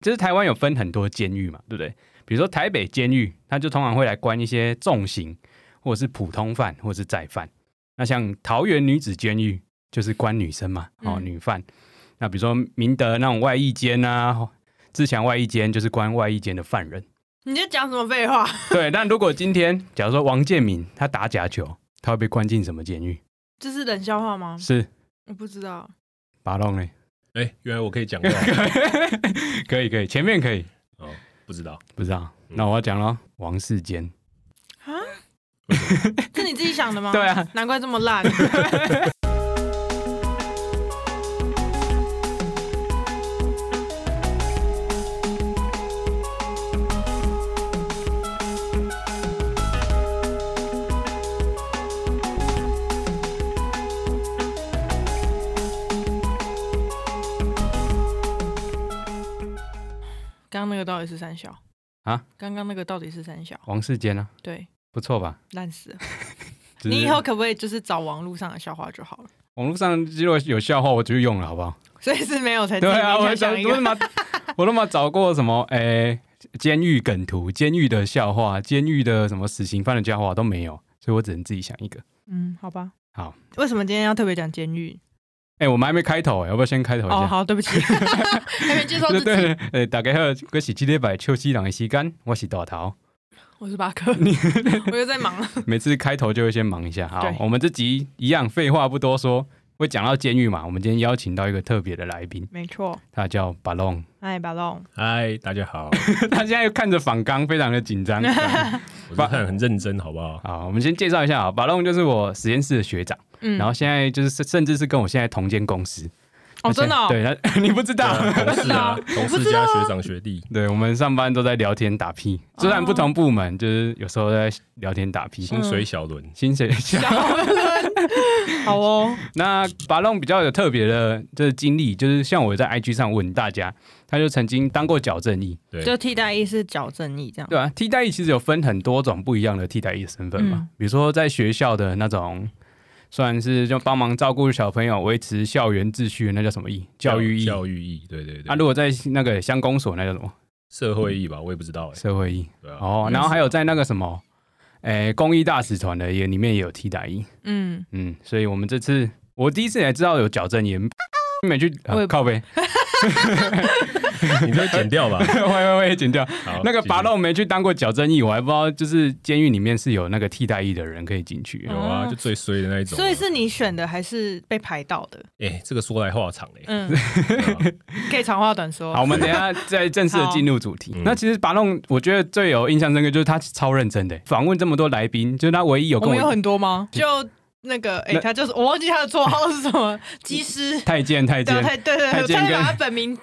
就是台灣有分很多監獄嘛，對不對？比如說台北監獄，他就通常會來關一些重刑，或者是普通犯，或者是再犯。那像桃園女子監獄，就是關女生嘛，哦，女犯。嗯、那比如說明德那種外役監啊，自強外役監就是關外役監的犯人。你在講什麼廢話？ 對，那如果今天假如說王建民，他打假球，他會被關進什麼監獄？這是冷笑話嗎？是。我不知道。巴龍呢。哎、欸，原來我可以講， 可以可以，前面可以，哦，不知道不知道，嗯、那我要講了，王世堅啊， 是你自己想的嗎？ 對啊，難怪這麼爛。 剛剛那個到底是三小？啊？剛剛那個到底是三小？王世堅啊？對，不錯吧？爛死了 你以後可不可以就是找網絡上的笑話就好了？ 網絡上如果有，有笑話，我就用了，好不好？所以是沒有才對啊！我怎麼我怎麼 找過什麼誒、哎？監獄梗圖、監獄的笑話、監獄的什麼死刑犯的家話都沒有，所以我只能自己想一個。嗯，好吧。好，為什麼今天要特別講監獄？哎、欸，我們還沒開頭，要不要先開頭一下？下、哦？好，對不起， 還沒接受自己。 對，對、欸，大家好，我是今天白秋熙郎的時間，我是大頭，我是巴克， 我又在忙。每次開頭就會先忙一下。我們這集一樣，廢話不多說。會講到監獄嘛。我們今天邀請到一個特別的來賓，沒錯，他叫巴龍。嗨，巴龍，嗨，大家好。 他現在看着訪綱非常的緊張、 啊。我看很認真，好不好？好，我們先介紹一下啊，巴龍就是我實驗室的學長、嗯，然後現在就是甚至是跟我現在同間公司、嗯、哦，真的、哦？對他，你不知道？啊、同事啊，同事加學長學弟，我啊、對我們上班都在聊天打屁、哦，雖然不同部門，就是有時候在聊天打屁、哦。薪水小輪，薪、嗯、水小。小 好哦， 那巴龍比較有特別的就是經歷，就是像我在 IG 上問大家，他就曾經當過矯正役。對，就替代役是矯正役這樣，對啊，替代役其實有分很多種不一樣的替代役身份嘛、嗯，比如說在學校的那種，算是就幫忙照顧小朋友、維持校園秩序，那叫什麼役？教育役，教育役，對對對。那、啊、如果在那個鄉公所，那叫什麼？社會役吧，我也不知道哎、欸，社會役對、啊。哦，然後還有在那個什麼？誒、欸，公益大使團的也裡面也有替代役、e，嗯嗯，所以我們這次我第一次才知道有矯正役，也沒去、啊、靠北！ 你都剪掉吧， 會，會會剪掉 好。那個巴龍沒去當過矯正役，我還不知道。就是監獄裡面是有那個替代役的人可以進去、啊。有啊、嗯，就最衰的那一種、啊。所以是你選的，還是被排到的？哎、欸，這個說來話長了。嗯，可以長話短說。 好，我們等一下再正式的進入主題。 那其實巴龍，我覺得最有印象深刻就是他超認真的，訪問這麼多來賓，就是、他唯一有跟我，我有很多嗎？就。那個哎、欸，他就是我忘記他的綽號是什麼，機師太監太監對，對對對太監，太把他本名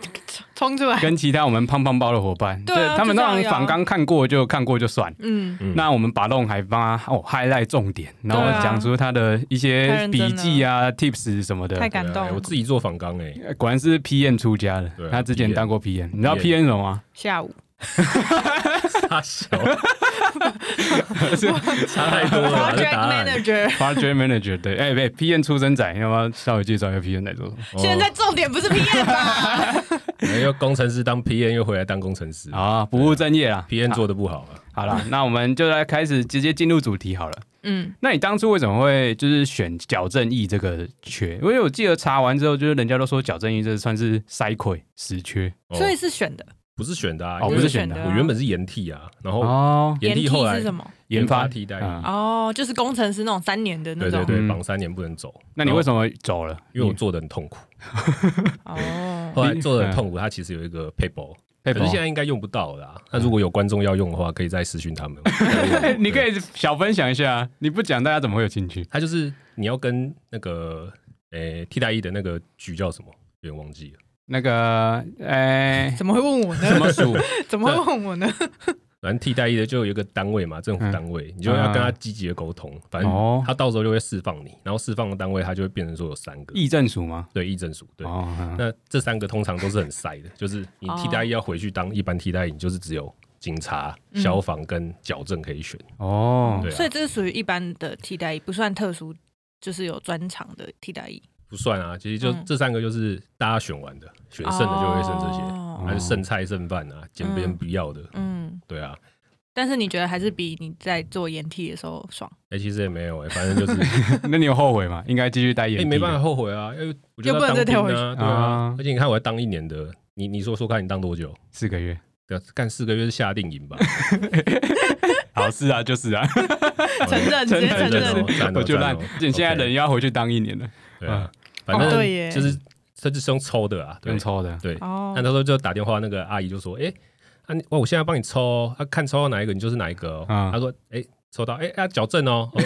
沖出來，跟其他我們胖胖包的伙伴，對、啊、他們那種仿鋼看過就，、啊、就，就看過就算，嗯，那我們把弄還幫他哦嗨 t 重點，然後講出他的一些筆記啊，啊 tips 什麼的，太感動了、啊，我自己做仿剛哎，果然是 PM 出家的。啊、他之前當過 PM, PM, PM，你知道 PM 什麼嗎？、PM、下午撒手。 殺小笑 差太多了。Project Manager，Project Manager，對，哎、欸欸、，PM 出生仔，要不要稍微介紹一下 PM 做什麼？現在重點不是 PM 吧？ 嗯、又工程師當 PM 又回來當工程師，啊，不務正業啊 PM 做的不好了。好了，那我們就來開始直接進入主題好了。嗯， 那你當初為什麼會就是選矯正役這個缺？因為我記得查完之後，就是人家都說矯正役這算是塞缺、死缺，所以是選的。不是選的啊，哦，不是選的、啊。我原本是研替啊，然後研替後來是什麼？研發替代哦，就是工程師那種三年的那種，對對對，綁三年不能走。那你為什麼走了？因為我做的很痛苦。哦、嗯， 後來做的很痛苦，它 其實有一個 paper， 可是現在應該用不到了、啊。那、嗯、如果有觀眾要用的話，可以再私訊他們。 你可以小分享一下，你不講大家怎麼會有興趣？它就是你要跟那個誒、欸、替代役的那個局叫什麼？有點忘記了。那個，哎、欸，怎麼會問我呢？怎麼屬？ 怎麼會問我呢？反正替代役的就有一個單位嘛，政府單位，嗯、你就要跟他積極的溝通、嗯嗯。反正他到時候就會釋放你，哦、然後釋放的單位他就會變成說有三個。役政署嗎？對，役政署。對、哦嗯。那這三個通常都是很塞的，哦、就是你替代役要回去當一般替代役，就是只有警察、嗯、消防跟矯正可以選。哦，對、啊，所以這是屬於一般的替代役，不算特殊，就是有專長的替代役。不算啊，其實就這三個就是大家選完的，嗯、選剩的就會剩這些、哦，還是剩菜剩飯啊，撿別人不要的。嗯，對啊。但是你覺得還是比你在做研替的時候爽？哎、欸，其實也沒有哎、欸，反正就是。 那你有後悔嗎？應該繼續待研替、啊。你、欸、沒辦法後悔啊、欸、就啊，啊，又不能再跳回去。對啊，而且你看，我要當一年的，你你說說看，你當多久？四個月。要幹四個月是下定營吧？ 好，是啊，就是啊。承 認，承承認，我就爛，而且現在人要回去當一年的。對、啊嗯，反正就是，他、哦、是用抽的啊，用抽的。對，那、哦、他說就打電話，那個阿姨就說：“哎、欸，啊，我我現在要幫你抽、哦啊，看抽到哪一個，你就是哪一個、哦。嗯”哦他說：“哎、欸，抽到哎、欸、啊矯正哦 哦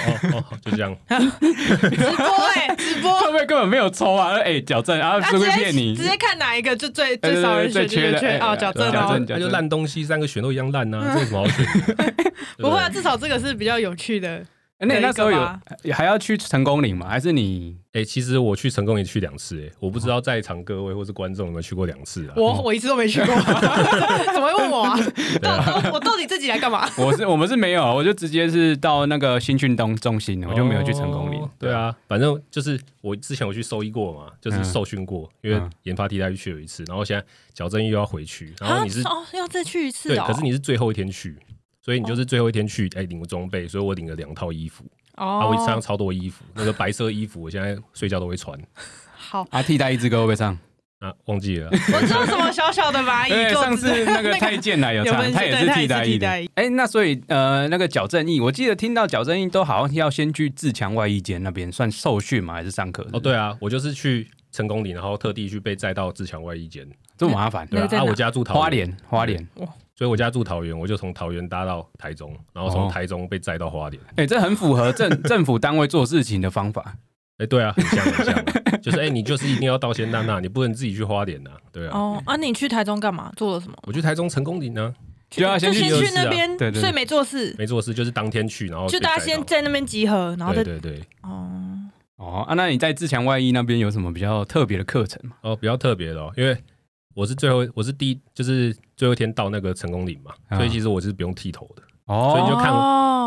哦，就這樣。 直播欸”直播哎，直播會不會根本沒有抽啊？哎、欸、矯正啊、啊，是不是騙你直？直接看哪一個就最最、最少人選、欸、對對對的、欸、對對對哦，矯正哦，啊、矯正矯正他就爛東西三個選都一樣爛啊，嗯、這有什麼好選 不會啊，至少這個是比較有趣的。欸、那那時候有還要去成功嶺嗎？還是你？哎、欸，其實我去成功嶺去兩次、欸，哎，我不知道在場各位或是觀眾有沒有去過兩次啊？哦、我我一次都沒去過， 怎麼會問我啊？啊我？我到底自己來幹嘛？我是我們是沒有，我就直接是到那個新訓東中心，我就沒有去成功嶺、哦。對啊，反正就是我之前我去收訓過嘛，就是受訓過、嗯，因為研發替代役去了一次，然後現在矯正又要回去，然後你是、啊、哦要再去一次、哦，對，可是你是最後一天去。所以你就是最後一天去，哎、oh. 欸，領個裝備。所以我領了兩套衣服，哦、oh. 啊，我穿超多衣服。那個白色衣服，我現在睡覺都會穿。 好、啊，替代役之歌會，會上啊，忘記了、啊。 我穿什麼小小的螞蟻， 上次那個太監來有、那個、有他也是替代役是替代役。哎、欸，那所以呃，那個矯正役，我記得聽到矯正役都好像要先去自強外役監那邊算受訓嘛，還是上課？哦，對啊，我就是去成功嶺，然後特地去被載到自強外役監，這麼麻煩。對啊，啊，我家住桃花蓮，花蓮哇。所以我家住桃園，我就從桃園搭到台中，然後從台中被載到花蓮。哎、oh. 欸，這很符合政 政府單位做事情的方法。哎、欸，對啊，很像很像，啊， 就是哎、欸，你就是一定要到仙丹那，你不能自己去花蓮的，啊，對啊。哦、oh,，啊，你去台中幹嘛？做了什麼？我去台中成功嶺呢，啊。對啊，先去，就先去那邊，對對，啊。所以沒做事對對對。沒做事，就是當天去，然後就大家先在那邊集合，然後再對對對。哦哦，啊，那你在自強外役那邊有什麼比較特別的課程嗎？哦、oh,，比較特別的，哦，因為。我是最後，我是第一就是最後一天到那個成功嶺嘛、嗯，所以其實我是不用剃頭的，哦、所以你就看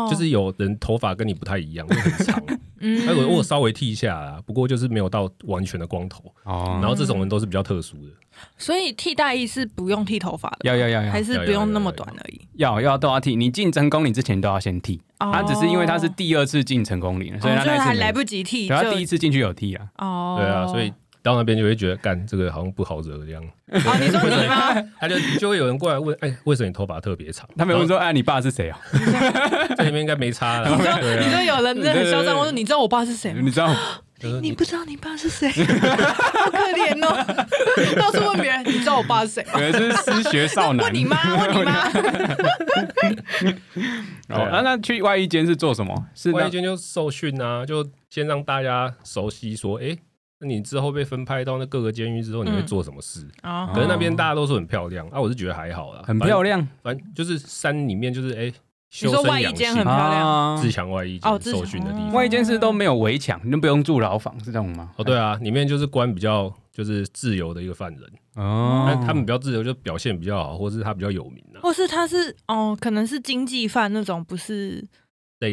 就是有人頭髮跟你不太一樣，就很長， 嗯，我我稍微剃一下啦，不過就是沒有到完全的光頭，哦，然後這種人都是比較特殊的，所以替代役是不用剃頭髮的，要要要，還是不用那麼短而已，要要都要剃，你進成功嶺之前都要先剃，他、哦、只是因為他是第二次進成功嶺、哦，所以他還來不及剃，他第一次進去有剃啊，哦，對啊，所以。到那邊就會覺得，幹這個好像不好惹這樣。對對對啊，你說什麼他就就會有人過來問，哎、欸，為什麼你頭髮特別長？他們會說，哎，你爸是誰啊、哦？ 在這裡面應該沒差了。你說、啊，你說有人很囂張，我說你知道我爸是誰嗎？你知道？就是、你你不知道你爸是誰？ 好可憐憐哦， 到處問別人， 你知道我爸是誰？可能、就是失學少男。問你媽，問你媽。 然後、啊啊，那去外役監是做什麼？外役監就受訓啊，就先讓大家熟悉說，哎、欸。那你之後被分派到那各個監獄之後，你會做什麼事啊、嗯哦？可是那邊大家都說很漂亮、哦，啊，我是覺得還好了，很漂亮反。反正就是山裡面，就是哎、欸，修身養性，你說外役監很漂亮。自強外役哦，受訓的地方，哦哦、外役監是都沒有圍牆，你就不用住牢房是這樣嗎？哦，對啊，裡面就是關比較就是自由的一個犯人哦，那他們比較自由，就表現比較好，或是他比較有名、啊、或是他是哦，可能是經濟犯那種，不是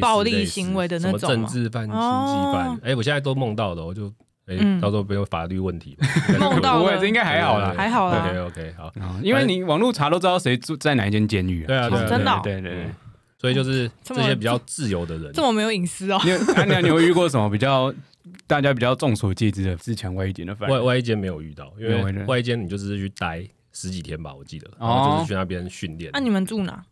暴力行為的那種，什麼政治犯、經濟犯。哎、哦欸，我現在都夢到的，我就。哎、欸，到時候沒有法律問題，嗯、到了不會，這應該還好啦，對對對對對對，還好啦。OK OK，好，好，因為你網絡查都知道誰住在哪一間監獄。對啊，真的、喔。對對對，所以就是這些比較自由的人，嗯、這、麼這麼沒有隱私哦。那，你、有、啊、你有遇過什麼比較 大家比較眾所皆知的？自強外役監，外、外役監沒有遇到，因為外役監你就是去待十幾天吧，我記得，然後就是去那邊訓練。哦、那、啊、你們住哪？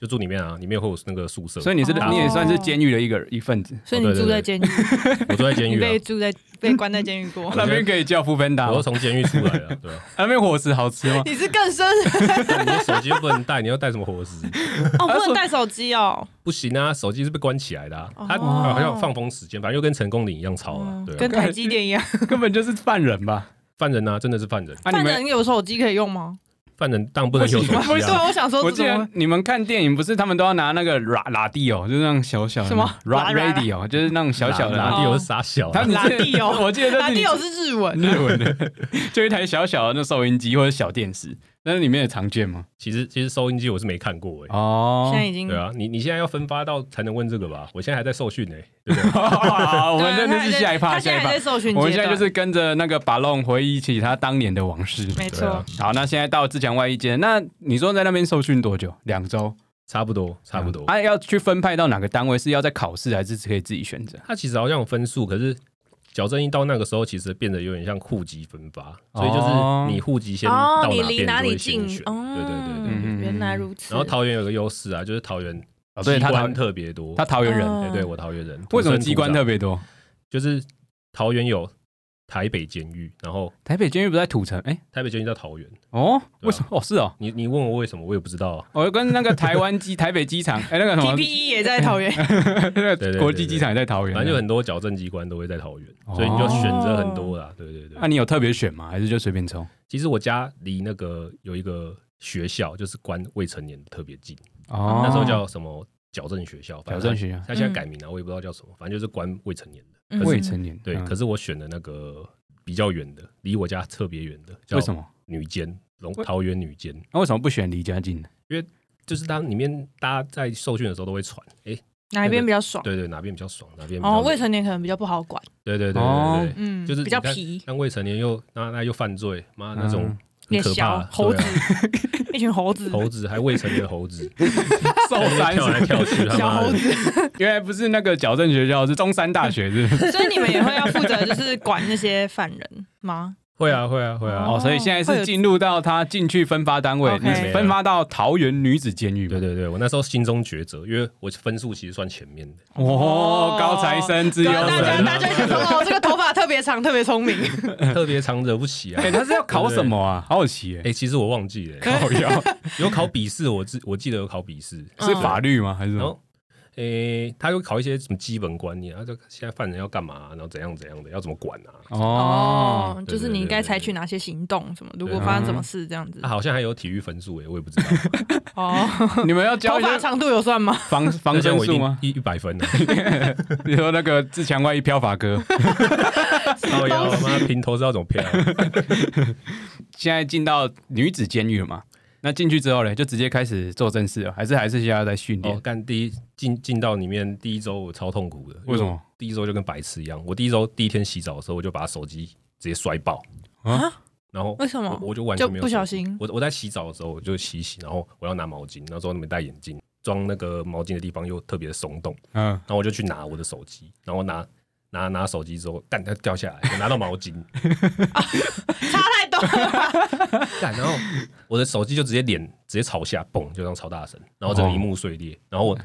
就住裡面啊，裡面會有那個宿舍，所以你是、啊、你也算是監獄的一個一份子，所以你住在監獄，我住在監獄， 被住在被關在監獄過， 你過 啊、那邊可以叫副 banda，我都從監獄出來了，對、啊 啊、那邊伙食好吃嗎？你是更生的， 你手機又不能帶，你要帶什麼伙食？ 哦，不能帶手機哦，不行啊，手機是被關起來的、啊，它、oh, 呃、好像放風時間，反正又跟成功嶺一樣吵了、啊，對、啊，跟台積電一樣根、，根本就是犯人吧？ 犯人啊，真的是犯人。啊、犯人有手機可以用嗎？犯人當然不能有手機啊，不，不對，我想說。我記得你們看電影，不是他們都要拿那個 RA, radio 就是那種小小的什麼 RAD radio, radio 就是那種小小的 radio 是傻小，他們是 radio 我記得、就是、radio 是日文，日文的， 就一台小小的那收音機或者小電視。那裡面也常見嗎？其實其實收音機我是沒看過哎、欸。哦，現在已經對啊，你你現在要分發到才能問這個吧？我現在還在受訓呢、欸，對不對？好， 我們真的是下一趴，下一趴。我們現在就是跟着那個巴龍回憶起他當年的往事。沒錯、啊。好，那現在到自強外役監。那你說在那邊受訓多久？兩週，差不多，差不多。哎、嗯啊，要去分派到哪個單位是要在考試還是可以自己選擇？他其實好像有分數，可是。矯正役到那個時候，其實變得有點像戶籍分發，哦，所以就是你戶籍先到哪邊就會先選。哦哦、對對對對，原來如此。然後桃園有個優勢啊，就是桃園機、啊、關特別多。他桃園人，欸、對我桃園人，嗯。為什麼機關特別多？就是桃園有。台北監獄，然後台北監獄不在土城，哎、欸，台北監獄在桃園哦，為什麼？哦，是哦，你你問我為什麼，我也不知道、啊。我、哦、跟那個台灣機、台北機場，哎、 欸，那個什麼 TPE 也在桃園，欸、 那個國際機場也在桃園，反正就很多矯正機關都會在桃園、哦，所以你就選擇很多啦。對對對、對，那、啊、你有特別選嗎？還是就隨便抽？其實我家離那個有一個學校，就是關未成年特別近、哦嗯、那時候叫什麼矯正學校，反正矯正學校，他、嗯、現在改名了，我也不知道叫什麼，反正就是關未成年。嗯、未成年對、嗯，可是我選的那個比較遠的，離我家特別遠的叫什麼，為什麼？女監，龍桃園女監。那為什麼不選離家近的？因為就是當裡面大家在受訓的時候都會傳，誒、欸，哪邊比較爽？那個、對,對對，哪邊比較爽，哪邊。哦，未成年可能比較不好管。對對對對對，哦、對對對對對嗯，就是比較皮。但未成年又那那又犯罪，嘛，那種。嗯可怕，小猴子，啊、 一群猴子，猴子還未成年的猴子， 瘦三跳小猴子。 原來不是那個矯正學校，是中山大學，是。 所以你們也會要負責，就是管那些犯人嗎？ 會啊，會啊，會啊。哦、oh,，所以現在是進入到他進去分發單位， okay. 分發到桃園女子監獄。 對對對，我那時候心中抉擇，因為我分數其實算前面的，哦、oh, oh,，高材生之一。大家大家一起說，我這個頭髮特別長，特別聰明， 特別長惹不起啊、欸！他是要考什麼啊？好奇哎、欸欸，其實我忘記了， 有考筆試，我記我記得有考筆試， 是法律嗎？還是什麼？Oh. 誒、欸，他又考一些什麼基本觀念啊？就現在犯人要幹嘛、啊，然後怎樣怎樣的，要怎麼管啊？哦，啊、就是你應該採取哪些行動？什麼？如果發生什麼事這樣子？嗯啊、好像還有體育分數誒，我也不知道。哦，你們要頭髮長度有算嗎？防房間維度嗎？一一百分你、啊、 說那個自強，外役飄髮哥，操，媽平頭是要怎麼飄？現在進到女子監獄了嗎？那進去之後呢，就直接開始做正事了，還是還是需要在訓練？幹、哦、第一進進到裡面第一週，我超痛苦的。為什麼？第一週就跟白痴一樣。我第一週第一天洗澡的時候，我就把手機直接摔爆啊！然後為什麼我？我就完全沒有不小心。我我在洗澡的時候，我就洗洗，然後我要拿毛巾，那時候沒戴眼鏡，裝那個毛巾的地方又特別鬆動，嗯、啊，然後我就去拿我的手機，然後拿。拿拿手機之後，幹它掉下來，我拿到毛巾，擦、 啊、太多了、啊，了 然後我的手機就直接臉直接朝下，嘣，就這樣超大聲，然後這個屏幕碎裂，哦、然後我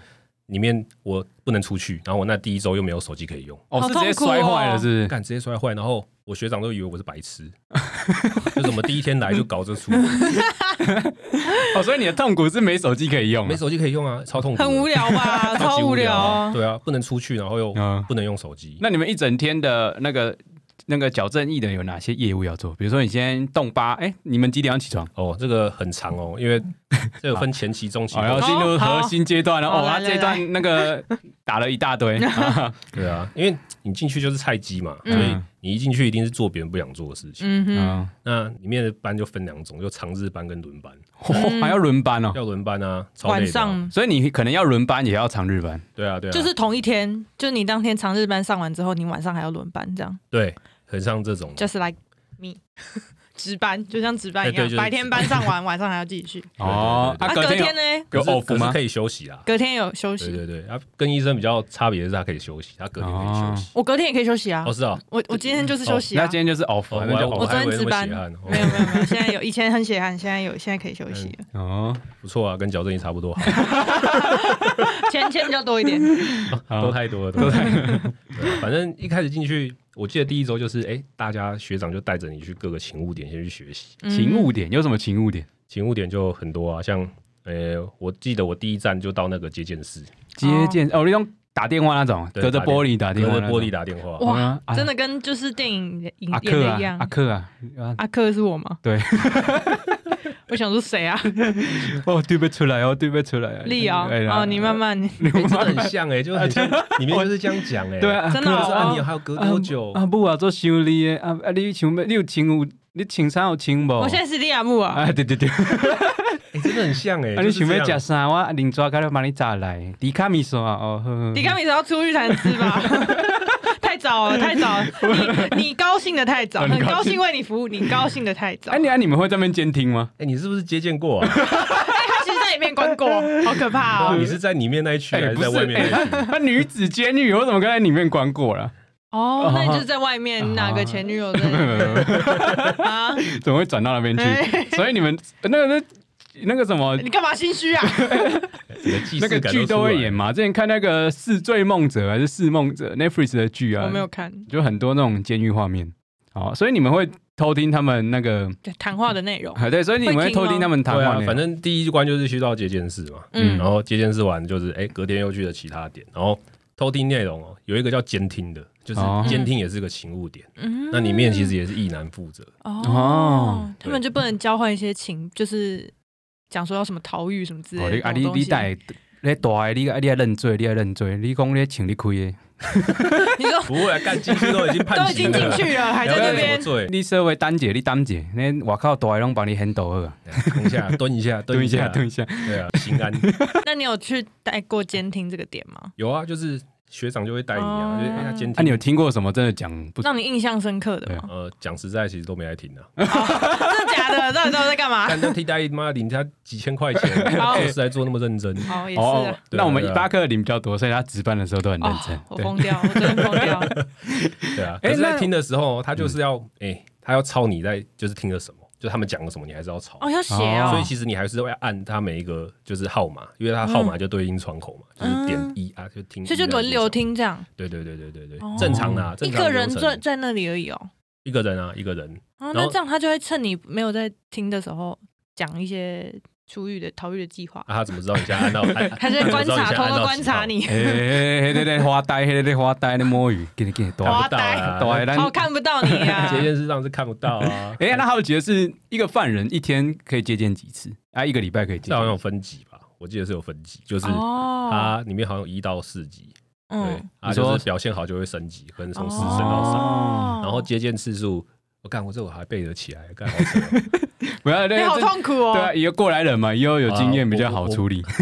裡面我不能出去，然後我那第一周又沒有手機可以用，哦，是直接摔壞了是不是？是幹、哦、直接摔壞，然後我學長都以為我是白痴， 就怎麼第一天來就搞這出。 哦，所以你的痛苦是沒手機可以用？啊，沒手機可以用啊，超痛苦，很無聊吧，超無聊、啊超無聊啊，對啊，不能出去，然後又不能用手機、嗯。那你們一整天的那個那個矯正義人有哪些業務要做？比如說你今天動八，哎，你們幾點要起床？哦，這個很長哦，因為。這個分前期、中期， 好，要進入核心階段了。哦，哦啊、哦哦來來來，他這段那個打了一大堆， 啊對啊，因為你進去就是菜雞嘛、嗯，所以你一進去一定是做別人不想做的事情。嗯嗯，那裡面的班就分兩種，就長日班跟輪班、哦嗯，還要輪班哦，要輪班啊，晚上。所以你可能要輪班，也要長日班。對啊，對啊，就是同一天，就是、你當天長日班上完之後，你晚上還要輪班，這樣。對，很像這種，just like me。 值班就像值班一樣，對對對對，白天班上完， 晚上還要自己去。哦，那、啊、隔天呢？天有 off 嗎？可以休息啊。隔天有休息。對對對，他、啊、跟醫生比較差別的是，他可以休息，他隔天可以休息。Oh. 我隔天也可以休息啊。我知道。我我今天就是休息啊，oh, 那今天就是 off、oh, 我。我我昨天值班，oh. 沒有沒有沒有，現在有，以前很血汗，現在有，現在可以休息了哦， 不錯啊，跟矯正役差不多。 錢錢比較多一點，都 太多了，都太多了 反正一開始進去，我記得第一周就是，哎、欸，大家學長就帶着你去各個勤務點先去學習。嗯。勤務點有什麼勤務點？勤務點就很多啊，像，呃、欸，我記得我第一站就到那個接見室。接見哦，哦，你用打電話那種，隔着玻璃打電話。玻璃打電話。哇、啊，真的跟就是電影演影影影的一樣。阿、啊、克啊，阿、啊、克、啊啊、是我嗎？對。 我想說誰啊 哦？哦，對不出來哦，對不出來。麗哦，哦，哦，你慢慢，你、欸、真的很像哎，就你，們 會是這樣講哎、 啊，真的。就是說、啊哦、你、哦、還要隔多久？阿、嗯、母啊，做修、啊、理的啊，阿你請沒？你有請？你請啥？有請不？我現在是你、啊，阿母啊，啊。對對對， 欸、真的很像哎。阿、啊就是啊、你想要吃啥？我靈你，過你，把你炸來。迪卡米索啊，哦，迪卡米索要出去才吃吧。太早了，太早了！你你高興的太早， 很高興為你服務，你高興的太早。哎、啊，你啊，你們會在那邊監聽嗎？哎、欸，你是不是接見過？啊？哈、 欸、其實在裡面關過，好可怕啊、哦！你是在裡面那一區，還是在外面那？那、欸欸、女子監獄，我怎麼在裡面關過了？哦，那你就是在外面、啊，哪個前女友的？ 怎麼會轉到那邊去、欸？所以你們那那。那那個什麼、欸，你幹嘛心虛啊？ 個紀 那個劇都會演嘛？之前看那個《是罪夢者》還是《是夢者》Netflix 的劇啊？我沒有看，就很多那種監獄畫面。好，所以你們會偷聽他們那個談話的內容。對，所以你們會偷聽他們談話、啊。反正第一關就是需要接見室嘛，嗯，然後接見室完就是哎、欸，隔天又去了其他點，然後偷聽內容哦、喔。有一個叫監聽的，就是監聽也是個勤務點，哦、嗯，那裡面其實也是役男負責哦，哦。他們就不能交換一些情，就是。講說要什麼逃獄什麼之類的，啊！你你帶，你帶，你啊！你要認罪，你要認罪，你講你要請你的，你虧。你說不會干進去，都已經判， 都已經進去了，還在那邊。你稍微等一下，你等一下，那個外面的你靠，大的能幫你很多，你等一下，蹲一下，蹲一下，蹲一下，對啊，心安。 那你有去帶過監聽這個點嗎？有啊，就是。學長就會帶你啊，因、oh, 為、欸、他監聽。那、啊、你有聽過什麼真的講，讓你印象深刻的嗎？呃，講實在，其實都沒來聽的、啊。真、oh, 的假的？那 都在幹嘛？覺替代役嘛，領他幾千塊錢，做事還做那麼認真。好、oh, oh, 也是、啊對對對啊。那我們一巴克領比較多，所以他值班的時候都很認真。Oh, 對我瘋掉對，我真的瘋掉了。 對啊，可是在聽的時候，他就是要哎、 嗯欸，他要抄你在就是聽了什麼。就他們講了什麼，你還是要抄。哦，要寫啊、哦。所以其實你還是會按他每一個就是號碼、哦，因為他號碼就對應窗口嘛，嗯、就是點一、嗯、啊，就聽。所以就輪流聽這樣。對對對對對對，哦正常啊、正常的。一個人在在那裡而已哦。一個人啊，一個人。哦、啊，那這樣他就會趁你沒有在聽的時候講一些。出獄的逃獄的計劃、啊啊，他怎麼知道你家安到？他在觀察，偷偷觀察你。嘿嘿嘿，對、欸、對、欸，花呆，嘿嘿嘿，花呆，那摸魚，給你給你，花呆，花呆，我看不到你呀、啊。接見是上是看不到啊、欸。哎，那他們覺得是一個犯人一天可以接見幾次？啊，一個禮拜可以接。這好像有分級吧？我記得是有分級，就是他裡面好像有一到四級、哦。對，啊、嗯，就是表現好就會升級，可能從四升到三、哦，然後接見次數。我、哦、幹，我這我還背得起來，幹好扯、哦，不要，你好痛苦哦，對啊，一個過來人嘛，以後有經驗比較好處理、啊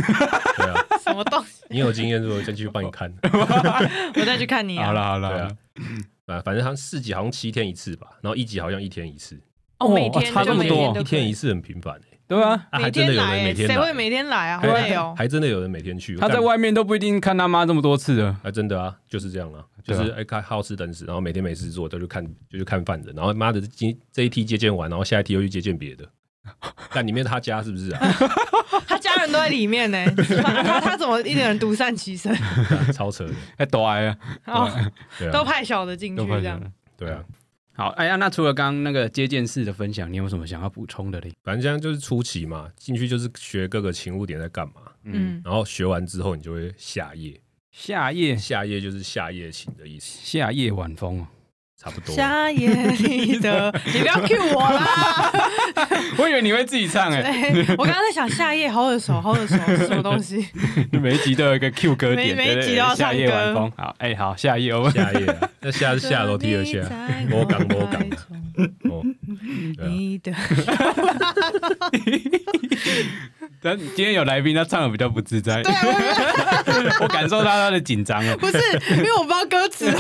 對啊，什麼東西，你有經驗，我再去幫你看，我再去看你、啊，好了好了，好啦對啊， 反正他四級好像七天一次吧，然後一級好像一天一次，哦，每天哦啊、差這麼多，一天一次很頻繁哎對啊，啊、欸，還真的有人每天，誰會每天來啊、喔欸？還真的有人每天去。他在外面都不一定看他媽這麼多次麼啊？還真的啊，就是這樣啊，就是哎，看、啊欸、好吃等死，然後每天沒事做，都就看就去看犯的。然後媽的，這一梯接見完，然後下一梯又去接見別的。但裡面他家是不是啊？ 啊？他家人都在裡面呢？欸， 他他怎麼一個人獨善其身？ 啊、超扯哎、欸啊哦、對啊，對啊，都派小的進去這樣，對啊。對啊好，哎呀，那除了剛剛那個接見室的分享，你有什麼想要補充的呢？反正這樣就是初期嘛，進去就是學各個勤務點在幹嘛，嗯，然後學完之後你就會下夜，下夜，下夜就是下夜勤的意思，下夜晚風差不多。夏夜裡的，你不要 Q 我啦！ 我以為你會自己唱哎、欸。我剛剛在想夏夜好耳熟，好耳熟，是什麼東西？你每一集都有一個 Q 歌點每，每一集都要唱。夏夜晚風，好哎，欸、好夏夜，我們夏夜、啊，那下下樓梯的下、啊。我敢，我敢的。你的。喔啊、 但今天有來賓，他唱得比較不自在。對對對 我感受到他的緊張啊。不是，因為我不知道歌詞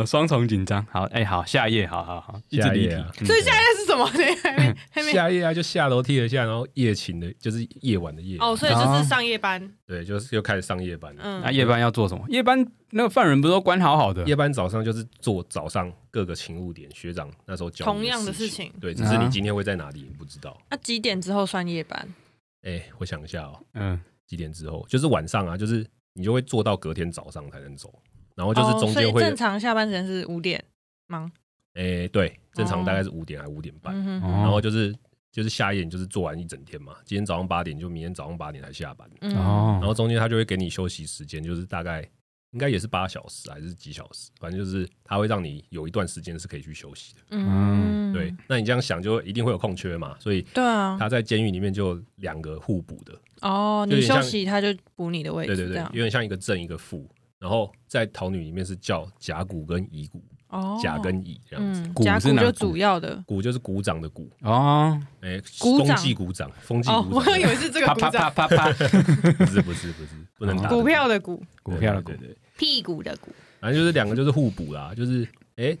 啊。雙 重。緊張，好，哎、欸，好，下夜，好好好，下夜、啊嗯，所以下夜是什麼呢？ 下夜啊，就下樓梯了。下，然後夜勤的，就是夜晚的夜晚。哦，所以就是上夜班。嗯、對，就是又開始上夜班。嗯，那、啊、夜班要做什麼？夜班那個犯人不是都關好好的？夜班早上就是做早上各個勤務點，學長那時候教的事同樣的事情。對，只、就是你今天會在哪裡不知道。那、嗯啊、幾點之後算夜班？哎、欸，我想一下哦、喔，嗯，幾點之後就是晚上啊，就是你就會做到隔天早上才能走。然後就是中間會、哦、正常下班時間是五點嗎？哎、欸，對，正常大概是五點還是五點半、哦嗯。然後就是就是下一點，就是做完一整天嘛。今天早上八點就明天早上八點才下班。哦、嗯。然後中間他就會給你休息時間，就是大概應該也是八小時還是幾小時，反正就是他會讓你有一段時間是可以去休息的。嗯。對，那你這樣想就一定會有空缺嘛？所以他在監獄裡面就有兩個互補的。哦，你休息他就補你的位置，他就補你的位置。對對對，有點像一個正一個負。然後在桃女裡面是叫甲股跟乙股、oh, 甲跟乙這樣子、嗯，股是哪？股就,股就是股長的股哦，哎、oh.，股掌鼓掌，風紀股長，oh, 我以為是這個鼓掌， 不是不是不是，不能打股票的股，股、oh. 票對對,對,對對，屁股的股，反正就是兩個就是互補啦，就是哎，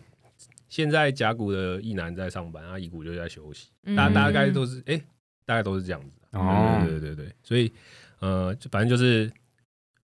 現在甲股的乙男在上班，阿、啊、乙股就在休息，嗯、大大概都是哎，大概都是這樣子哦，oh. 對,對,對對對對，所以呃，反正就是。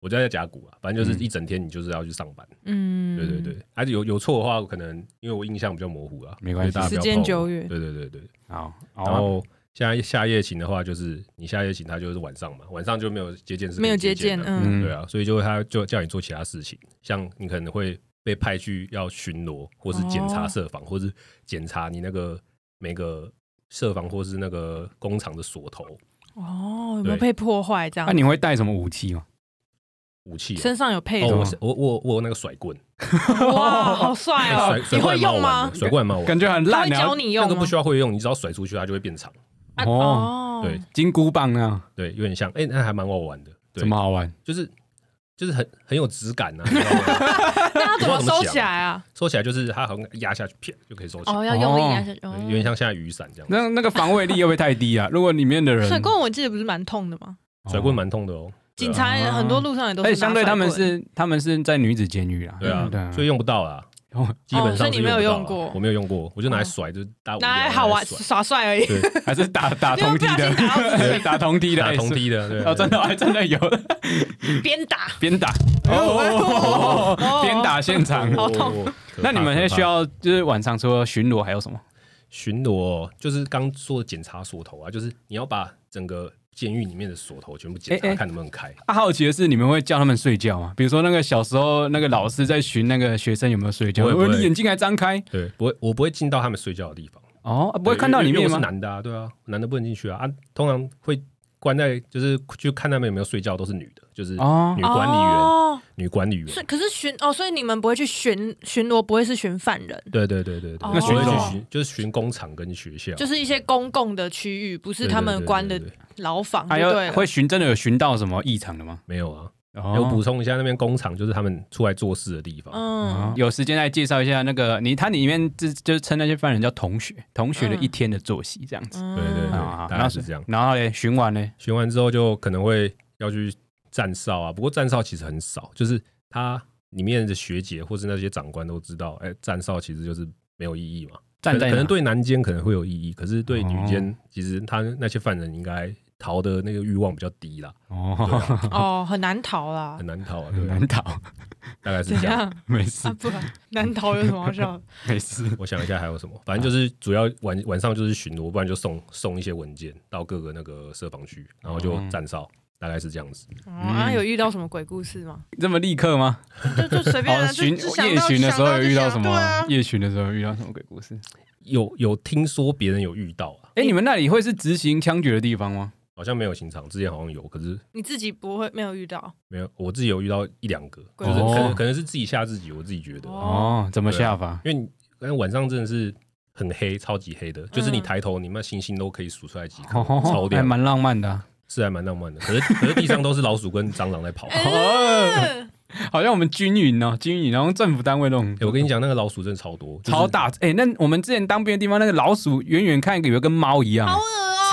我就在，在甲骨啊，反正就是一整天，你就是要去上班。嗯，對對對，還、啊、有有錯的話，我可能因為我印象比較模糊啊。沒關係，大 Pow, 時間久遠。對對對對，好。然後現在、哦、下，下夜勤的話，就是你下夜勤，他就是晚上嘛，晚上就沒有接見，是接見，是沒有接見嗯。嗯，對啊，所以就他就叫你做其他事情，像你可能會被派去要巡邏，或是檢查設防、哦，或是檢查你那個每個設防或是那個工廠的鎖頭。哦，有沒有被破壞這樣？那、啊、你會帶什麼武器嗎？武器、啊、身上有配、哦、我我我，我那個甩棍 哇，好帥啊、哦、欸！你會用嗎？甩棍嗎？感覺很爛，會教你用，教你用，你那個不需要會用，你只要甩出去它就會變長、啊、哦。對，金箍棒啊，對，有點像。哎、欸，那還蠻好玩的對。怎麼好玩？就是就是很很有質感啊。那它怎麼收起來啊？收起來就是它好像壓下去啪就可以收起來。哦，要用力壓下去、哦，有點像現在雨傘這樣。那那個防衛力又會太低啊？ 如果裡面的人甩棍，我記得不是蠻痛的嗎？哦、甩棍蠻痛的哦。警察也很多，路上也都是、啊，而且相對他們是，他們是在女子監獄啊，對啊，所以用不到啦、哦，基本上、哦、所以你沒有用過，我沒有用過、哦，我沒有用過，我就拿來甩，哦、就是打，拿來好玩耍帥而已，對，還是打打同梯， 梯的，打同梯的，打同梯的，對。哦，真的 還真的有，邊打邊打，哦，邊、哦哦哦哦哦哦、打現場，好痛。哦、那你們還需要就是晚上除了巡邏還有什麼？巡邏就是剛說的檢查鎖頭啊，就是你要把整個。監獄裡面的鎖頭全部解開，欸欸，看能不能開。啊，好奇的是，你們會叫他們睡覺嗎？比如說，那個小時候，那個老師在巡那個學生有沒有睡覺？你眼睛還張開？對，不會，我不會進到他們睡覺的地方。哦，不會看到裡面嗎？因為我是男的啊，對啊，男的不能進去啊。啊，通常會。關在就是去看他們有沒有睡覺，都是女的，就是女管理員、哦，女管理員。可是巡哦，所以你們不會去巡巡邏，不會是巡犯人？對對對對對，哦，巡巡就是巡工廠跟學校，就是一些公共的區域，不是他們關的牢房。還有、哎，會巡真的有巡到什麼異常的嗎？沒有啊。有補充一下，那邊工廠就是他們出來做事的地方。嗯、哦，有時間來介紹一下那個你，他裡面就就稱那些犯人叫同學，同學的一天的作息這樣子。嗯、對對對，嗯、大概是這樣。然後呢，巡完呢，巡完之後就可能會要去站哨啊。不過站哨其實很少，就是他裡面的學姊或是那些長官都知道，哎，站哨其實就是沒有意義嘛。站在可，可能對男監可能會有意義，可是對女監，哦、其實他那些犯人應該逃的那個欲望比較低啦。哦、啊、哦很難逃啦，很難逃啊，對很難逃， 大概是這樣。沒事、啊，難逃有什麼好笑？沒事，我想一下還有什麼，反正就是主要晚晚上就是巡邏，不然就送送一些文件到各個那個舍房區，然後就站哨，嗯，大概是這樣子、嗯哦。啊，有遇到什麼鬼故事嗎？這麼立刻嗎？就就隨便、啊、就就巡夜巡的時候有遇到什麼、啊？夜巡的時候遇到什麼鬼故事？有有聽說別人有遇到啊？哎、欸，你們那裡會是執行槍決的地方嗎？好像沒有尋常，之前好像有，可是你自己不會沒有遇到？沒有，我自己有遇到一兩個，可、哦就是、可能是自己嚇自己，我自己覺得哦。怎麼嚇法、啊？因為晚上真的是很黑，超級黑的，嗯、就是你抬頭，你們星星都可以數出來幾顆、哦哦哦，超亮，還蠻浪漫的、啊，是還蠻浪漫的。可是可是地上都是老鼠跟蟑螂在跑， 好像我們均勻哦、喔，均勻。然後政府單位那種，欸、我跟你講，那個老鼠真的超多，就是、超大。哎、欸，那我們之前當兵的地方，那個老鼠遠遠看一個，有跟貓一樣，超噁,、啊、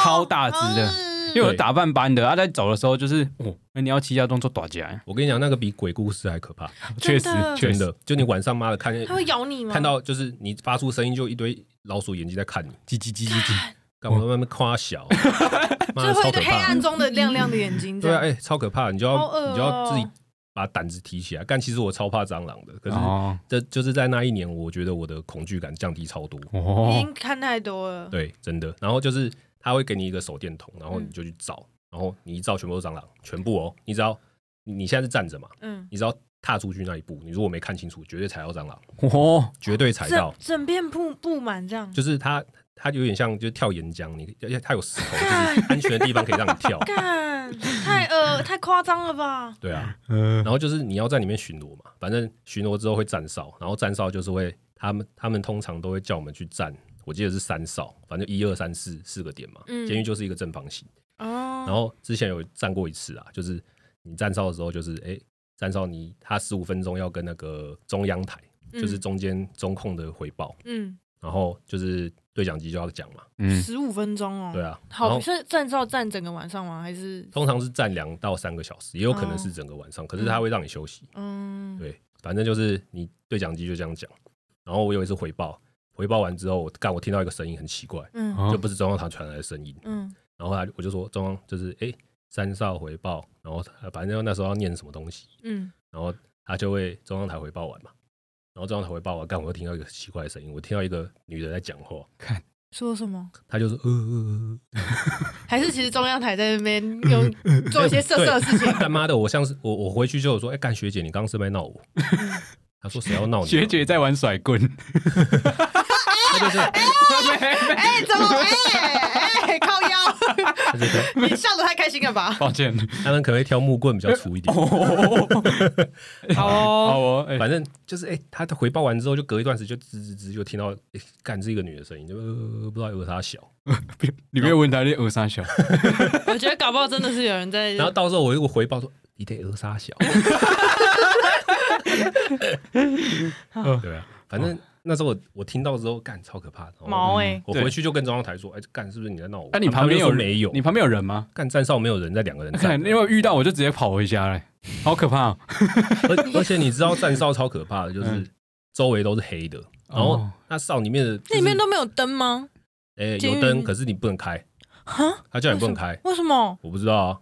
超大只的。因為我打扮班的，他、啊、在走的時候就是，哦，欸、你要其他動作躲起來。我跟你講，那個比鬼故事還可怕，確實，真的。就你晚上媽的看見，它會咬你嗎？看到就是你發出聲音，就一堆老鼠眼睛在看你，嘰嘰嘰嘰嘰，幹嘛在那邊、啊？慢慢誇小，最、就是一個黑暗中的亮亮的眼睛，對啊，哎、欸，超可怕，你就要、喔、你就要自己把膽子提起來。但其實我超怕蟑螂的，可是這就是在那一年，我覺得我的恐懼感降低超多，已經看太多了。對，真的。然後就是。他會給你一個手電筒，然後你就去找，嗯、然後你一照，全部都是蟑螂，嗯，全部哦。你只要你現在是站着嘛，嗯，你只要踏出去那一步，你如果沒看清楚，絕對踩到蟑螂，哦，絕對踩到，整片鋪布滿這樣。就是它，它有點像就是跳岩漿，你它有石頭、就是、安全的地方可以讓你跳。 太呃，太誇張了吧？對啊、嗯，然後就是你要在裡面巡邏嘛，反正巡邏之後會站哨，然後站哨就是會他們他們通常都會叫我們去站。我記得是三哨，反正一二三四四個點嘛。監、嗯、獄就是一個正方形，哦。然後之前有站過一次啊，就是你站哨的時候，就是哎、欸，站哨你他十五分鐘要跟那個中央台，嗯、就是中間中控的回報。嗯。然後就是對講機就要講嘛。嗯。十五分鐘哦。對啊。好，是站哨站整個晚上嗎？還是？通常是站兩到三個小時，也有可能是整個晚上，哦。可是他會讓你休息。嗯。對，反正就是你對講機就這樣講。然後我有一次回報。回報完之後，我幹，我聽到一個聲音很奇怪，嗯，就不是中央台傳來的聲音，嗯，然後他我就說中央就是哎、欸、三少回報，然後他反正那時候要念什麼東西，嗯，然後他就會中央台回報完嘛，然後中央台回報完，幹，我又聽到一個奇怪的聲音，我聽到一個女的在講話，看說什麼，她就說、是、呃，呃呃 還是其實中央台在那邊有做一些色色的事情，幹媽的，我像是我我回去就有說，哎、欸、幹，學姐，你剛剛是不是在鬧我，他、嗯、說誰要鬧你、啊，學姐在玩甩棍。 就是哎哎、欸欸、怎麼哎哎、欸欸、靠腰，對對對，你笑得太開心了吧？抱歉，他們可能會挑木棍比較粗一點。哦、好、哦好哦欸，反正就是哎、欸，他回報完之後，就隔一段時間就吱吱吱，直直直就聽到幹這一個女的聲音，就、呃、不知道有啥小、嗯，你別問他你有啥小。我、嗯嗯嗯、覺得搞不好真的是有人在。 然後到時候我如果回報說你得有啥小。 嗯、好對啊，反正。那時候我，我聽到之後，幹超可怕的，哦！毛誒、欸嗯、我回去就跟中央台說，哎幹、欸，是不是你在鬧我？但你旁邊有沒有？你旁邊有人嗎？幹站哨沒有人，在兩個人在，因、okay, 為遇到我就直接跑回家了，欸、 好可怕，啊！而 而且你知道站哨超可怕的，就是周圍都是黑的，嗯、然後那哨裡面的，就是、裡面都沒有燈嗎？哎、欸，有燈，可是你不能開。哈，他叫你不能開，為什麼？我不知道啊。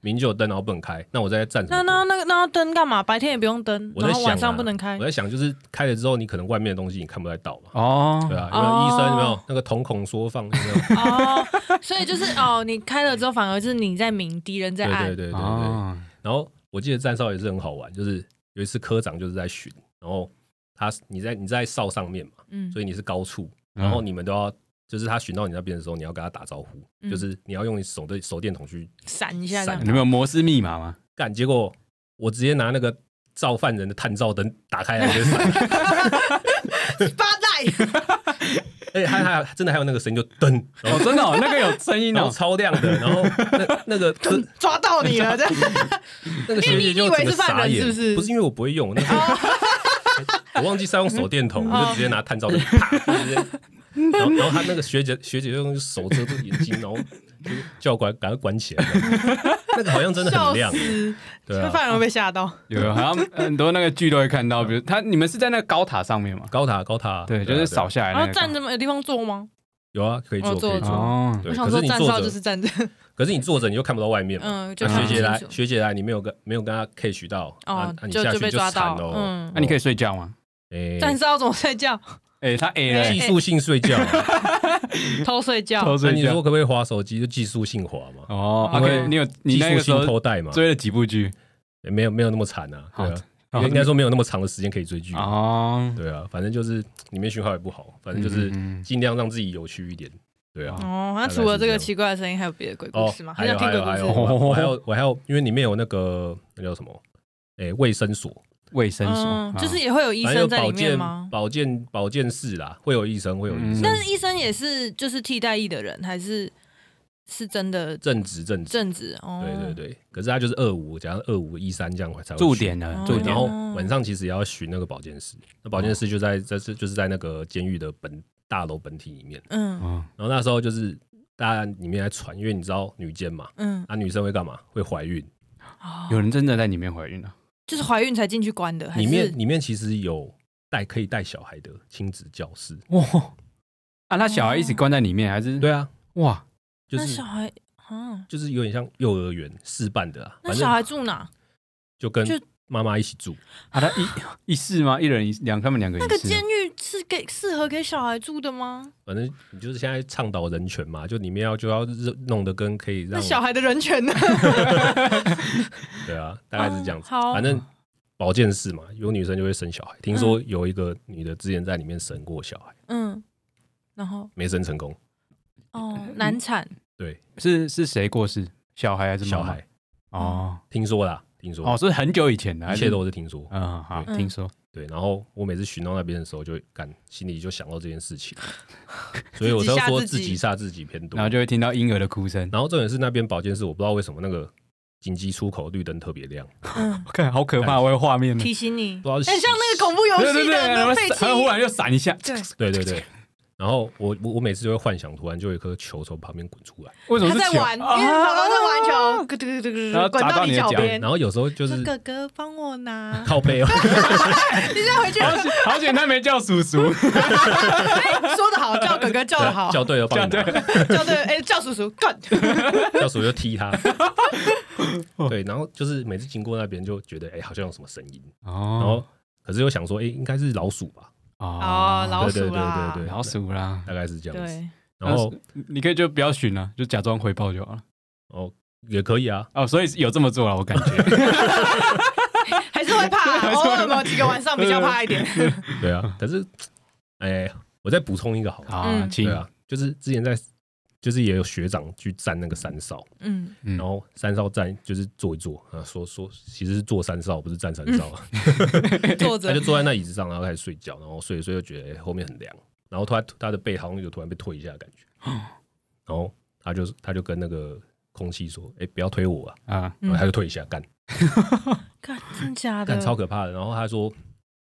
明就有燈，然後不能開。那我在站什麼？那那那個那燈幹嘛？白天也不用燈，啊，然後晚上不能開。我在想，就是開了之後，你可能外面的東西你看不太到哦，oh. 對啊，沒有醫生，有沒有、oh. 有，沒有那個瞳孔縮放，有。哦、oh. 所以就是哦，你開了之後，反而就是你在明，敵人在暗。對對對對、對、對、對、oh. 然後我記得站哨也是很好玩，就是有一次科長就是在巡，然後他你在你在哨上面嘛，嗯，所以你是高處，然後你們都要。就是他巡到你那邊的時候，你要跟他打招呼，嗯、就是你要用你手的手電筒去閃一下閃。你沒有摩斯密碼嗎？幹！結果我直接拿那個照犯人的探照燈打開來就閃了， 就是八代。而且還還真的還有那個聲音，就噔！哦，真的、哦、那個有聲音，然後超亮的。然後那那個抓到你了，這樣。 那個學姐就傻眼以為是犯人是不是？不是因為我不會用，那個 欸、我忘記再用手電筒，我、嗯、就直接拿探照燈、嗯、啪！ 然後，然後他那個學姐， 學姐用手遮住眼睛，然後就叫我趕快關起來。 那個好像真的很亮，對啊，怕會被嚇到。啊、有， 好像很多那個劇都會看到， 比如他，你們是在那個高塔上面嘛？高塔，高塔。對，就是掃下來。然後站着沒有地方坐嗎？有啊，可以坐，坐坐可以坐。哦，對我想說。對，可是你站着就是站着， 可是你坐着你又看不到外面嘛？嗯、就、啊、學姐來，學姐來，你沒有跟沒有跟她 K 取到哦、啊啊，就你下去就被抓到。嗯，那、啊、你可以睡覺嗎？哦啊睡覺嗎？欸、站哨怎麼睡覺？哎、欸，他哎，技術性睡覺、啊，欸欸、 偷睡覺。那、啊、你說可不可以滑手機？就技術性滑嘛。哦、oh,，OK，你有技術性偷帶嗎？追了幾部劇，欸、沒有沒有那麼慘吶、啊。對啊，哦、應該說沒有那麼長的時間可以追劇啊、哦。對啊，反正就是裡面訊號也不好，反正就是盡量讓自己有趣一點。對啊。哦、嗯嗯，那、啊、除了這個奇怪的聲音，還有別的鬼故事嗎？Oh, 還有，還有，還有，還有，我還有、哦，因為裡面有那個那叫什麼？哎、欸，衛生所。衛生所、嗯就是生嗯、就是也會有醫生在裡面嗎？保健保健,保健室啦，會有醫生，會有醫生。嗯、但是醫生也是就是替代役的人，還是是真的正職正職正職、嗯。對對對，可是他就是二五，只要二五一三這樣才駐點呢。駐，然後晚上其實也要巡那個保健室，那保健室就在、嗯、在這就是在那個監獄的本大樓本體裡面。嗯，然後那時候就是大家裡面還傳，因為你知道女監嘛，嗯，那、啊、女生會幹嘛？會懷孕、哦。有人真的在裡面懷孕了、啊。就是懷孕才進去關的，還是？裡面裡面其實有帶可以帶小孩的親子教室。哇，啊，那小孩一直關在裡面還是？對啊，哇，就是、小孩啊，就是有點像幼兒園試辦的啊。那小孩住哪？就跟就。媽媽一起住，啊，他一一室嗎？一人一兩，他們兩個一室。那個監獄是給適合給小孩住的嗎？反正你就是現在倡導人權嘛，就裡面要就要弄的跟可以讓小孩的人權呢。 對啊，大概是這樣子。好好反正保健室嘛，有女生就會生小孩。聽說有一個女的之前在裡面生過小孩，嗯，然後沒生成功，哦，難產。對，是是誰過世？小孩還是媽媽小孩？哦、嗯，聽說啦。聽說哦，是很久以前的，一切都是聽說啊、嗯。好，聽說、嗯、對。然後我每次巡到那邊的時候就會，就感，心裡就想到這件事情，所以我都說自己嚇自己偏多己己，然後就會聽到嬰兒的哭聲。然後重點是那邊保健室，我不知道為什麼那個緊急出口綠燈特別亮，我、嗯、看好可怕，我有畫面提醒你，不知道哎、欸，像那個恐怖遊戲對對對，忽然就閃一下，對對對對。 然後我我每次就會幻想，突然就有一顆球從旁邊滾出來。為什麼是他在玩？啊、因為在玩球，咚咚咚滾到你腳邊。然後有時候就是哥哥幫我拿靠背哦。哦 你先回去。好險他沒叫叔叔 欸。說得好，叫哥哥叫得好。叫對了，叫對了，叫對，哎、 欸，叫叔叔幹。幹 叫叔叔踢他。 對，然後就是每次經過那邊就覺得，哎、欸，好像有什麼聲音、哦。然後可是又想說，哎、欸，應該是老鼠吧。啊、哦，老鼠啦，對對對,對,對,對老鼠啦，大概是這樣子。對，然後、啊、你可以就不要巡了，就假裝回報就好了。哦，也可以啊。哦，所以有這麼做了，我感覺 還是會怕，偶爾、哦哦、有,有幾個晚上比較怕一點。對啊，對啊可是，哎、欸，我再補充一個好啊，請啊，就是之前在。就是也有學長去站那個三哨，嗯，然後三哨站就是坐一坐啊，說說其實是坐三哨，不是站三哨，他就坐在那椅子上，然後開始睡覺，然後睡，睡，所以就覺得、欸、後面很涼，然後突然他的背好像就突然被推一下，感覺，然後他就他就跟那個空氣說，哎、欸，不要推我啊，啊，然後他就推一下，幹，幹、啊嗯， 真假的？幹超可怕的。然後他說，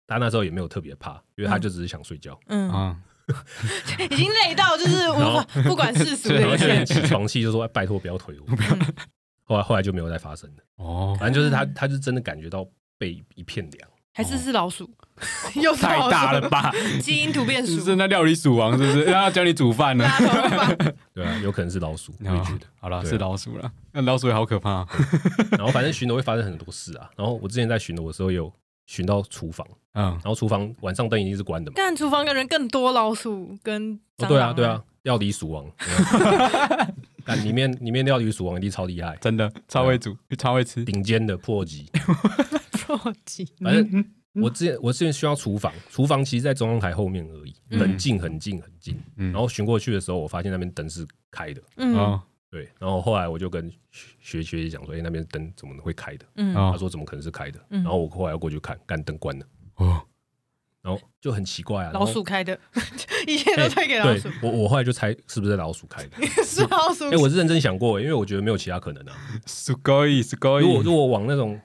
他那時候也沒有特別怕，因為他就只是想睡覺，嗯，嗯啊。 已經累到就是，我不管世俗的意見 起床氣就說拜託不要推我。 不要嗯、 後來後來就沒有再發生了。哦，反正就是他，他就真的感覺到被一片涼、哦。還是是老鼠、哦？又鼠太大了吧？ 基因突變鼠？是在料理鼠王是不是？ 他要教你煮飯呢？對啊，有可能是老鼠 好，好了，啊、是老鼠了。那老鼠也好可怕、啊。然後反正巡邏會發生很多事啊。然後我之前在巡邏的時候有。巡到廚房，嗯，然後廚房晚上燈一定是關的，但廚房感覺更多老鼠跟、哦、對啊對啊，料理鼠王，那 裡面裡面料理鼠王一定超厲害，真的超會煮，超會吃，頂尖的破級， 破級。反正、嗯嗯、我之前我之前需要廚房，廚房其實，在中央台後面而已，嗯、靜很近很近很近。然後巡過去的時候，我發現那邊燈是開的，啊、嗯。哦對，然後後來我就跟學學姐講說：“哎、欸，那邊燈怎麼會開的？”嗯，他說：“怎麼可能是開的、嗯？”然後我後來要過去看，幹，燈關了。哦，然後就很奇怪啊。老鼠開的，一切都推給老鼠。欸、我我後來就猜是不是老鼠開的， 是老鼠、欸。哎，我是認真想過、欸，因為我覺得沒有其他可能的、啊。是高一，如果如果往那種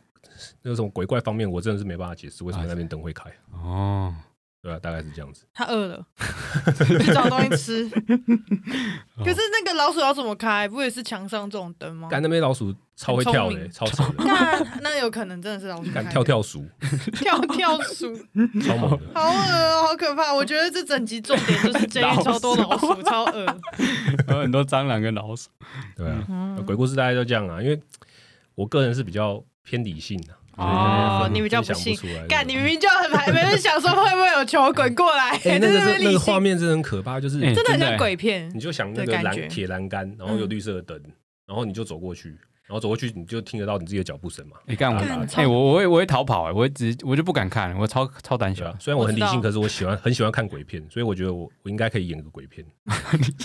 那種鬼怪方面，我真的是沒辦法解釋為什麼、okay. 那邊燈會開。哦。對啊，大概是這樣子。他餓了， 去找東西吃。 可是那個老鼠要怎麼開？不也是牆上這種燈嗎？趕那邊老鼠超會跳的，超聰明。那那有可能真的是老鼠。敢跳跳鼠，跳跳鼠， 超猛的。好惡哦，好可怕！我覺得這整集重點就是監獄超多老鼠， 老鼠超惡 有很多蟑螂跟老鼠。對啊，鬼故事大概就這樣啊，因為我個人是比較偏理性的、啊。哦，你比較不信？幹，你明明就很還沒， 沒想說會不會有球滾過來，欸欸這是是，那個是那個畫面，真的很可怕，就是，欸、真的很像鬼片。你就想那個欄鐵欄杆，然後有綠色的燈，然後你就走過去，然後走過去你就聽得到你自己的腳步聲嘛？嗯、你幹嘛？哎、欸啊欸，我我會我會逃跑哎、欸，我會只我就不敢看，我超超膽小，啊。雖然我很理性，可是我喜歡很喜歡看鬼片，所以我覺得我我應該可以演個鬼片。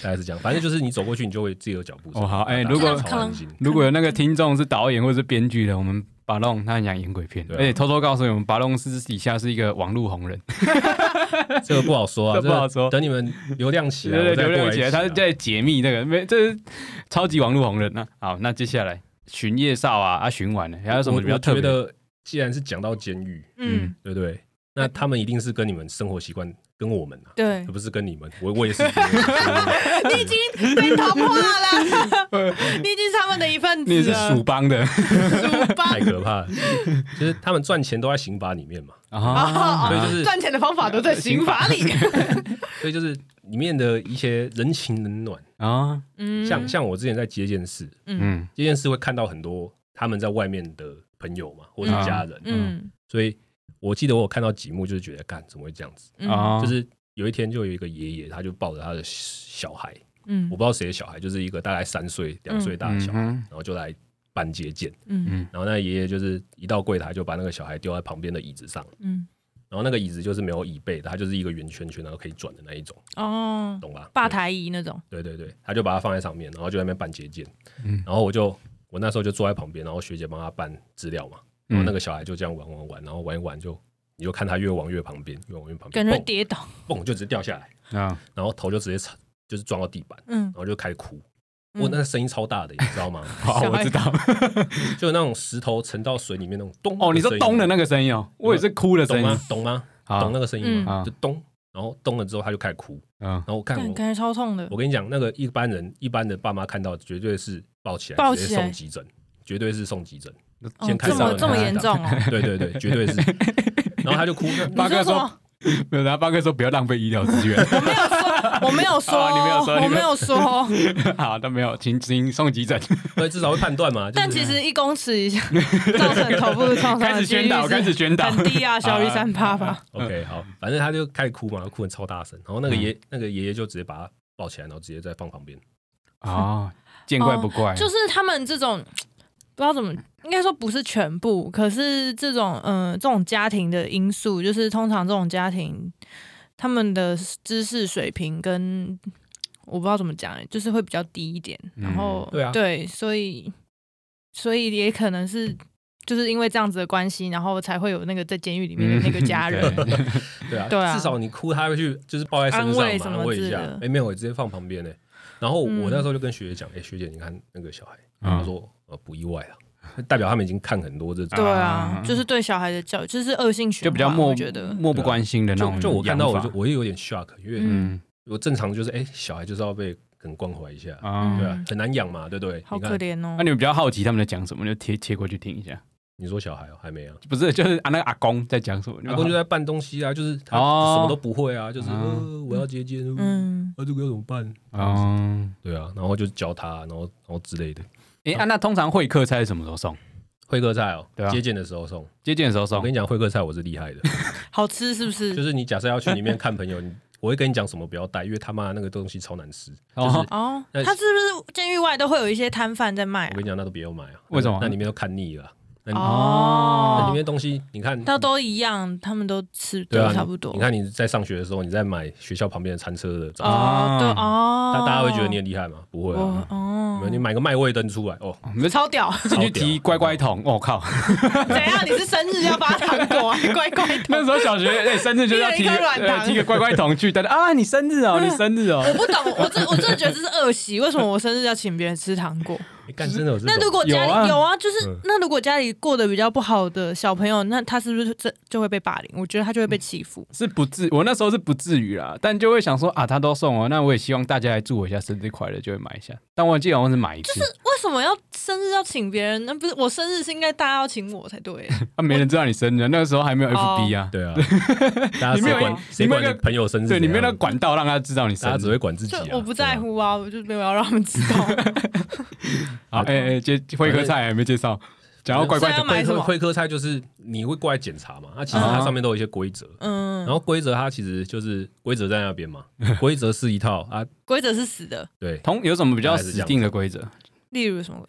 大概是這樣，反正就是你走過去，你就會有自己的腳步聲。哦，好，哎、欸，如果如果有那個聽眾是導演或者是編劇的，我們。巴龍，他很想演鬼片，對、啊、偷偷告訴你們，巴龍私底下是一個網絡紅人，這個不好說啊，不好說。 等你們流量起來， 來起來流量起來，他是在解密那個，沒，這是超級網絡紅人、啊。那、嗯、好，那接下來巡夜哨啊，啊，巡完了還有什麼比較特別的？既然是講到監獄，嗯，對不對，對？那他們一定是跟你們生活習慣。跟我們啊，對，而不是跟你們，我我也是跟我們、啊。 你已經被同化了， 你已經是他們的一份子了。你是鼠幫的，鼠 幫太可怕了。就是他們賺錢都在刑法裡面嘛，oh, oh, oh, oh, 所以、就是、賺錢的方法都在刑法裡面。 所以就是裡面的一些人情冷暖啊，oh. 像像我之前在接見室，嗯，接見室會看到很多他們在外面的朋友嘛，或者家人，oh. 嗯，所以。我記得我有看到幾幕，就是覺得，幹怎麼會這樣子、嗯？就是有一天就有一個爺爺，他就抱着他的小孩，嗯、我不知道誰的小孩，就是一個大概三歲、兩歲大的小孩、嗯，然後就來辦接見、嗯，然後那爺爺就是一到櫃檯就把那個小孩丟在旁邊的椅子上、嗯，然後那個椅子就是沒有椅背的，它就是一個圓圈圈，然後可以轉的那一種，哦，懂吧？吧台椅那種，對對對，他就把它放在上面，然後就在那邊辦接見，然後我就、嗯、我那時候就坐在旁邊，然後學姐幫他辦資料嘛。然後那個小孩就這樣玩玩玩，然後玩一玩就，你就看他越往越旁邊，越往越旁邊，感覺跌倒蹦，蹦就直接掉下來、啊、然後頭就直接就是撞到地板、嗯，然後就開始哭，哇、嗯，那個聲音超大的，你知道嗎？ 好，我知道， 就那種石頭沉到水裡面那種咚，哦，你說咚的那個聲音哦、啊啊，我也是哭了，懂嗎、啊？懂嗎？懂那個聲音嗎、嗯？就咚，然後咚了之後他就開始哭，嗯、然後我看我，感覺超痛的。我跟你講，那個一般人一般的爸媽看到絕對是抱起來，直接送急診，絕對是送急診。看哦、這麼這麼嚴重啊，對對對， 絕對是。然後他就哭。巴 哥說：“沒有。”然後巴哥說：“不要浪費醫療資源。”我沒有說，我沒有說，我沒有說。好那、啊沒，啊、沒， 沒有，請請送急診。所 以至少會判斷嘛、就是。但其實一公尺以下 造成頭部創傷，開始宣導，開始宣導，很低啊，小於三八吧，OK，好，反正他就開始哭嘛，哭的超大聲。然後那個爺、嗯、那個爺爺就直接把他抱起來，然後直接再放旁邊。啊、嗯哦，見怪不怪。就是他們這種不知道怎麼。應該說不是全部，可是這種嗯、呃，這種家庭的因素，就是通常這種家庭，他們的知識水平跟我不知道怎麼講、欸，就是會比較低一點。然後、嗯、對啊，對，所以所以也可能是就是因為這樣子的關係，然後才會有那個在監獄裡面的那個家人。嗯、對， 對啊，對啊，至少你哭，他會去就是抱在身上安慰什麼的，問一下。哎、欸，沒有，我直接放旁邊的、欸，然後我那時候就跟學姐講，哎、欸，學姐你看那個小孩，嗯、他說呃不意外啊。代表他們已經看很多這種對、啊，對啊，就是對小孩的教育，就是惡性循環，就比較漠不關心的那種、啊就。就我看到，我就我也有點 shock，因為嗯我正常就是，哎、欸，小孩就是要被很關懷一下、嗯，對啊，很難養嘛，對不對，對？好可憐哦、喔。那你、啊、你們比較好奇他們在講什麼，就貼貼過去聽一下。你說小孩、喔、還沒有、啊，不是，就是啊，那個阿公在講什麼有有？阿公就在辦東西啊，就是他什麼都不會啊，就是、嗯、呃，我要接接，嗯，兒、呃、子要怎麼辦啊、嗯？對啊，然後就教他，然後然後之類的。哎、欸，那通常會客菜是什麼時候送？會客菜哦，對啊，接見的時候送，接見的時候送。我跟你講，會客菜我是厲害的， 好吃是不是？就是你假設要去裡面看朋友， 我會跟你講什麼不要帶，因為他媽那個東西超難吃。 就是、哦，哦，他是不是監獄外都會有一些攤販在賣、啊？我跟你講，那都不要買啊，為什麼、哎？那裡面都看膩了。嗯、哦，那、嗯、面東西你看，它都一樣，他們都吃，都、啊、差不多你。你看你在上學的時候，你在買學校旁邊的餐車的早餐，對哦，那大家會覺得你很厲害嗎？哦、不會、啊、哦，你買個麥味登出來，哦，超屌，進去提乖乖桶，我、哦、靠，怎樣？你是生日要發糖果、乖乖 那時候小學，欸、生日就要提個軟糖，提個乖乖桶去，大家啊，你生日哦、喔，你生日哦、喔嗯。我不懂，我真我真的覺得這是惡習，為什麼我生日要請別人吃糖果？欸就是、那如果家裡有啊，有啊，就是、嗯、那如果家裡過得比較不好的小朋友，那他是不是這就，就會被霸凌？我覺得他就會被欺負。是不至，我那時候是不至於啦，但就會想說啊，他都送我，那我也希望大家來祝我一下生日快樂，就會買一下。但我記得我是買一次。就是為什麼要生日要請別人？那不是我生日是應該大家要請我才對。他、啊、沒人知道你生日，那個時候還沒有 FB 啊、哦。對啊，大家 你沒有你管，沒有朋友生日，對，你沒有那個管道讓他知道你生日，只會管自己、啊。我不在乎啊，啊，我就沒有要讓他們知道。 啊，哎、欸、哎、欸，接會客菜還、欸、沒介紹，講要乖乖的。會會客菜就是你會過來檢查嘛？啊，其實它上面都有一些規則，嗯、uh -huh.，然後規則它其實就是規則在那邊嘛，規則是一套啊，規 則是死的，對。同有什麼比較死定的規則？例如什麼？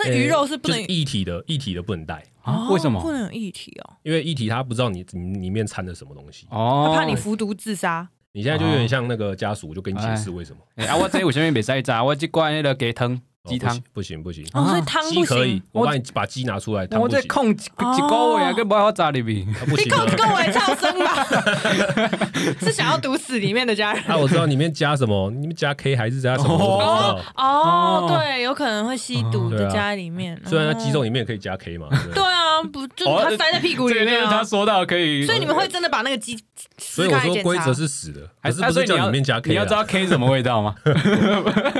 那魚肉是不能、欸就是、液體的，液體的不能帶、啊，為什麼不能有液體哦？因為液體它不知道你，你裡面摻了什麼東西哦，oh, 啊、怕你服毒自殺。你現在就有點像那個家屬，就跟你解釋為什麼、oh. 欸欸、啊？我在我前面沒塞渣，我去關那個給疼。 雞湯不行不行，不雞、哦、可以。我幫你把雞拿出來，湯不行。你控制高、哦、位啊，更不要炸裡面。你控制高位上升吧，是想要毒死裡面的家人。那、 啊、我知道裡面加什麼，你們加 K 還是加什麼？哦哦，對，有可能會吸毒的、哦、加裡面。雖然他雞肉裡面也可以加 K 嘛。對啊，嗯、對啊不就是、他塞在屁股裡面、啊哦呃呃呃那個、他說到可以。所以你們會真的把那個雞撕開檢查。所以我說規則是死的，還是不是叫裡面加 K？、啊啊、你，要你要知道 K 什麼味道嗎？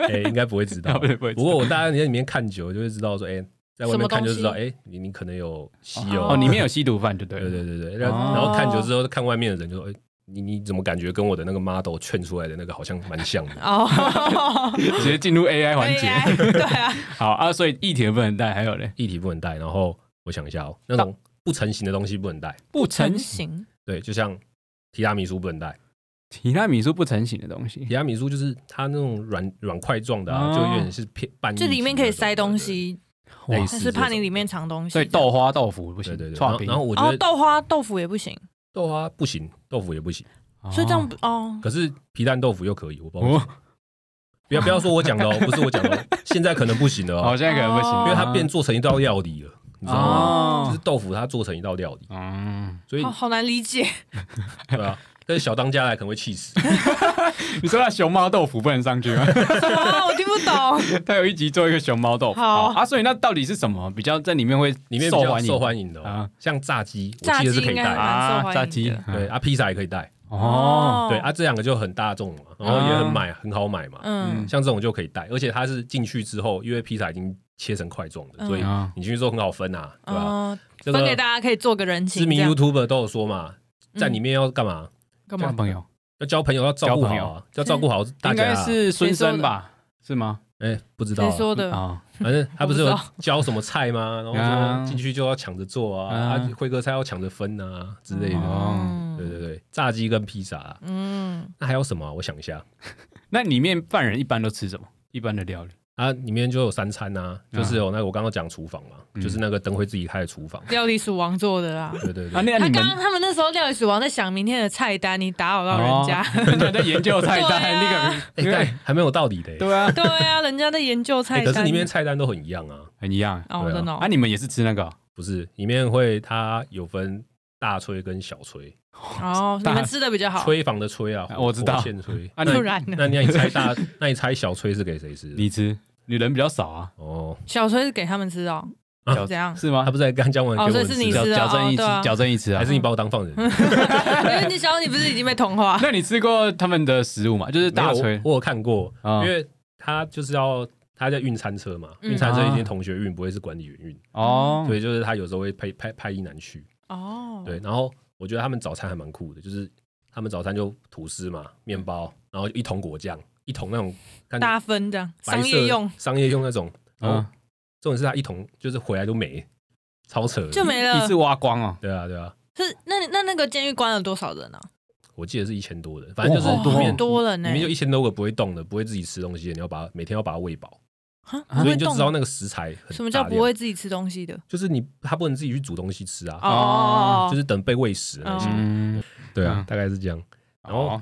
哎、欸，應該不， 不，不會知道。不會不會。我 大家你在裡面看久了就會知道說，哎、欸，在外面看就知道，哎、欸，你你可能有吸油，哦， 裡面有吸毒犯，對不對？對對對對，然後、哦、然後看久了之後，看外面的人就說，哎、欸，你你怎麼感覺跟我的那個 model 勸出來的那個好像蠻像的？哦，直接進入 AI 環節，AI, 對啊。 好啊，所以液體不能帶，還有嘞，液體不能帶，然後我想一下哦、喔，那種不成形的東西不能帶，不成形，對，就像提拉米蘇不能帶。提拉米蘇不成型，的東西，提拉米蘇就是它那種軟軟塊狀的、啊哦，就有點是偏半，就裡面可以塞東西，它是怕你裡面藏東西，對，豆花豆腐不行。對對對，然後，然後我覺得、哦、豆花豆腐也不行，豆花不行，豆腐也不行，所以這樣哦，哦。可是皮蛋豆腐又可以，我不,、哦、不要不要說我講的哦，不是我講的、哦， 現在可能不行了哦，現在可能不行，因為它變做成一道料理了，哦、你知道嗎、哦？就是豆腐它做成一道料理，哦、所以好，好難理解， 對吧、啊這小當家來可能會氣死。 你說那熊貓豆腐不能上去嗎？ 什麼？我聽不懂。 他有一集做一個熊貓豆腐。好，好啊，所以那到底是什麼？比較在裡面會裡面比較受歡迎的、啊、像炸雞，我記得是可以帶啊。炸雞對啊，啊，披薩也可以帶。哦，對，啊，哦對啊，這兩個就很大眾嘛，然後也很買、哦，很好買嘛。嗯，像這種就可以帶，而且它是進去之後，因為披薩已經切成塊狀的、嗯，所以你進去之後很好分啊，對吧、啊哦這個？分給大家可以做個人情。知名 YouTuber 都有說嘛，嗯、在裡面要幹嘛？幹嘛交朋友？要交朋友，要照顧好啊，要照顧好大家、啊。應該是孫生吧？是嗎？哎、欸，不知道。說的啊，反、嗯、正、哦、他不是有教什麼菜嗎？然後進去就要搶着做啊，輝、嗯啊、哥菜要搶着分啊之類的、嗯。對對對，炸雞跟披薩、啊。嗯，那還有什麼、啊？我想一下， 那裡面犯人一般都吃什麼？一般的料理。啊，裡面就有三餐啊，就是哦，啊、那個，我剛剛講廚房嘛、嗯，就是那個燈會自己開的廚房。料理鼠王做的啦， 對對對。啊、那他剛剛他們那時候料理鼠王在想明天的菜單，你打擾到人家。對、哦、 在研究菜單，那個對、啊欸、還沒有道理的。對啊，對啊，人家在研究菜單、欸。可是裡面菜單都很一樣啊，很一樣哦，真的、啊。Oh, 啊，你們也是吃那個、哦？不是，裡面會它有分大炊跟小炊。哦，你們吃的比較好。炊房的炊啊，啊，我知道現炊。突然、啊，那，你，那你，、啊、你猜大， 那你猜小炊是給誰吃的？你吃。女人比較少啊，哦，小錘是給他們吃哦、喔、是、啊、怎樣，是嗎？他不是剛講完哦的，哦，是你吃啊，矯正役吃，矯正役吃啊，還是你把我當犯人？因為你你不是已經被同化？ 那你吃過他們的食物嘛？就是大錘，我有看過，哦，因為他就是要他在運餐車嘛，運、嗯、餐車一定同學運，不會是管理員運哦、嗯啊。所以就是他有時候會派派派一男去哦，對。然後我覺得他們早餐還蠻酷的，就是他們早餐就吐司嘛，麵包，然後一桶果醬。一桶那種大分的商業用商業用那種，這種是他一桶就是回來都沒，超扯，就沒了一，一次挖光啊！對啊，對啊。是那那那個監獄關了多少人啊？我記得是一千多人，反正就是很、哦、多人裡面就一千多個不會動的，不會自己吃東西的，你要把每天要把它餵飽，所以你就知道那個食材很什麼叫不會自己吃東西的，就是你他不能自己去煮東西吃啊，哦，就是等被餵食那些，嗯、哦，對啊、嗯，大概是這樣，然後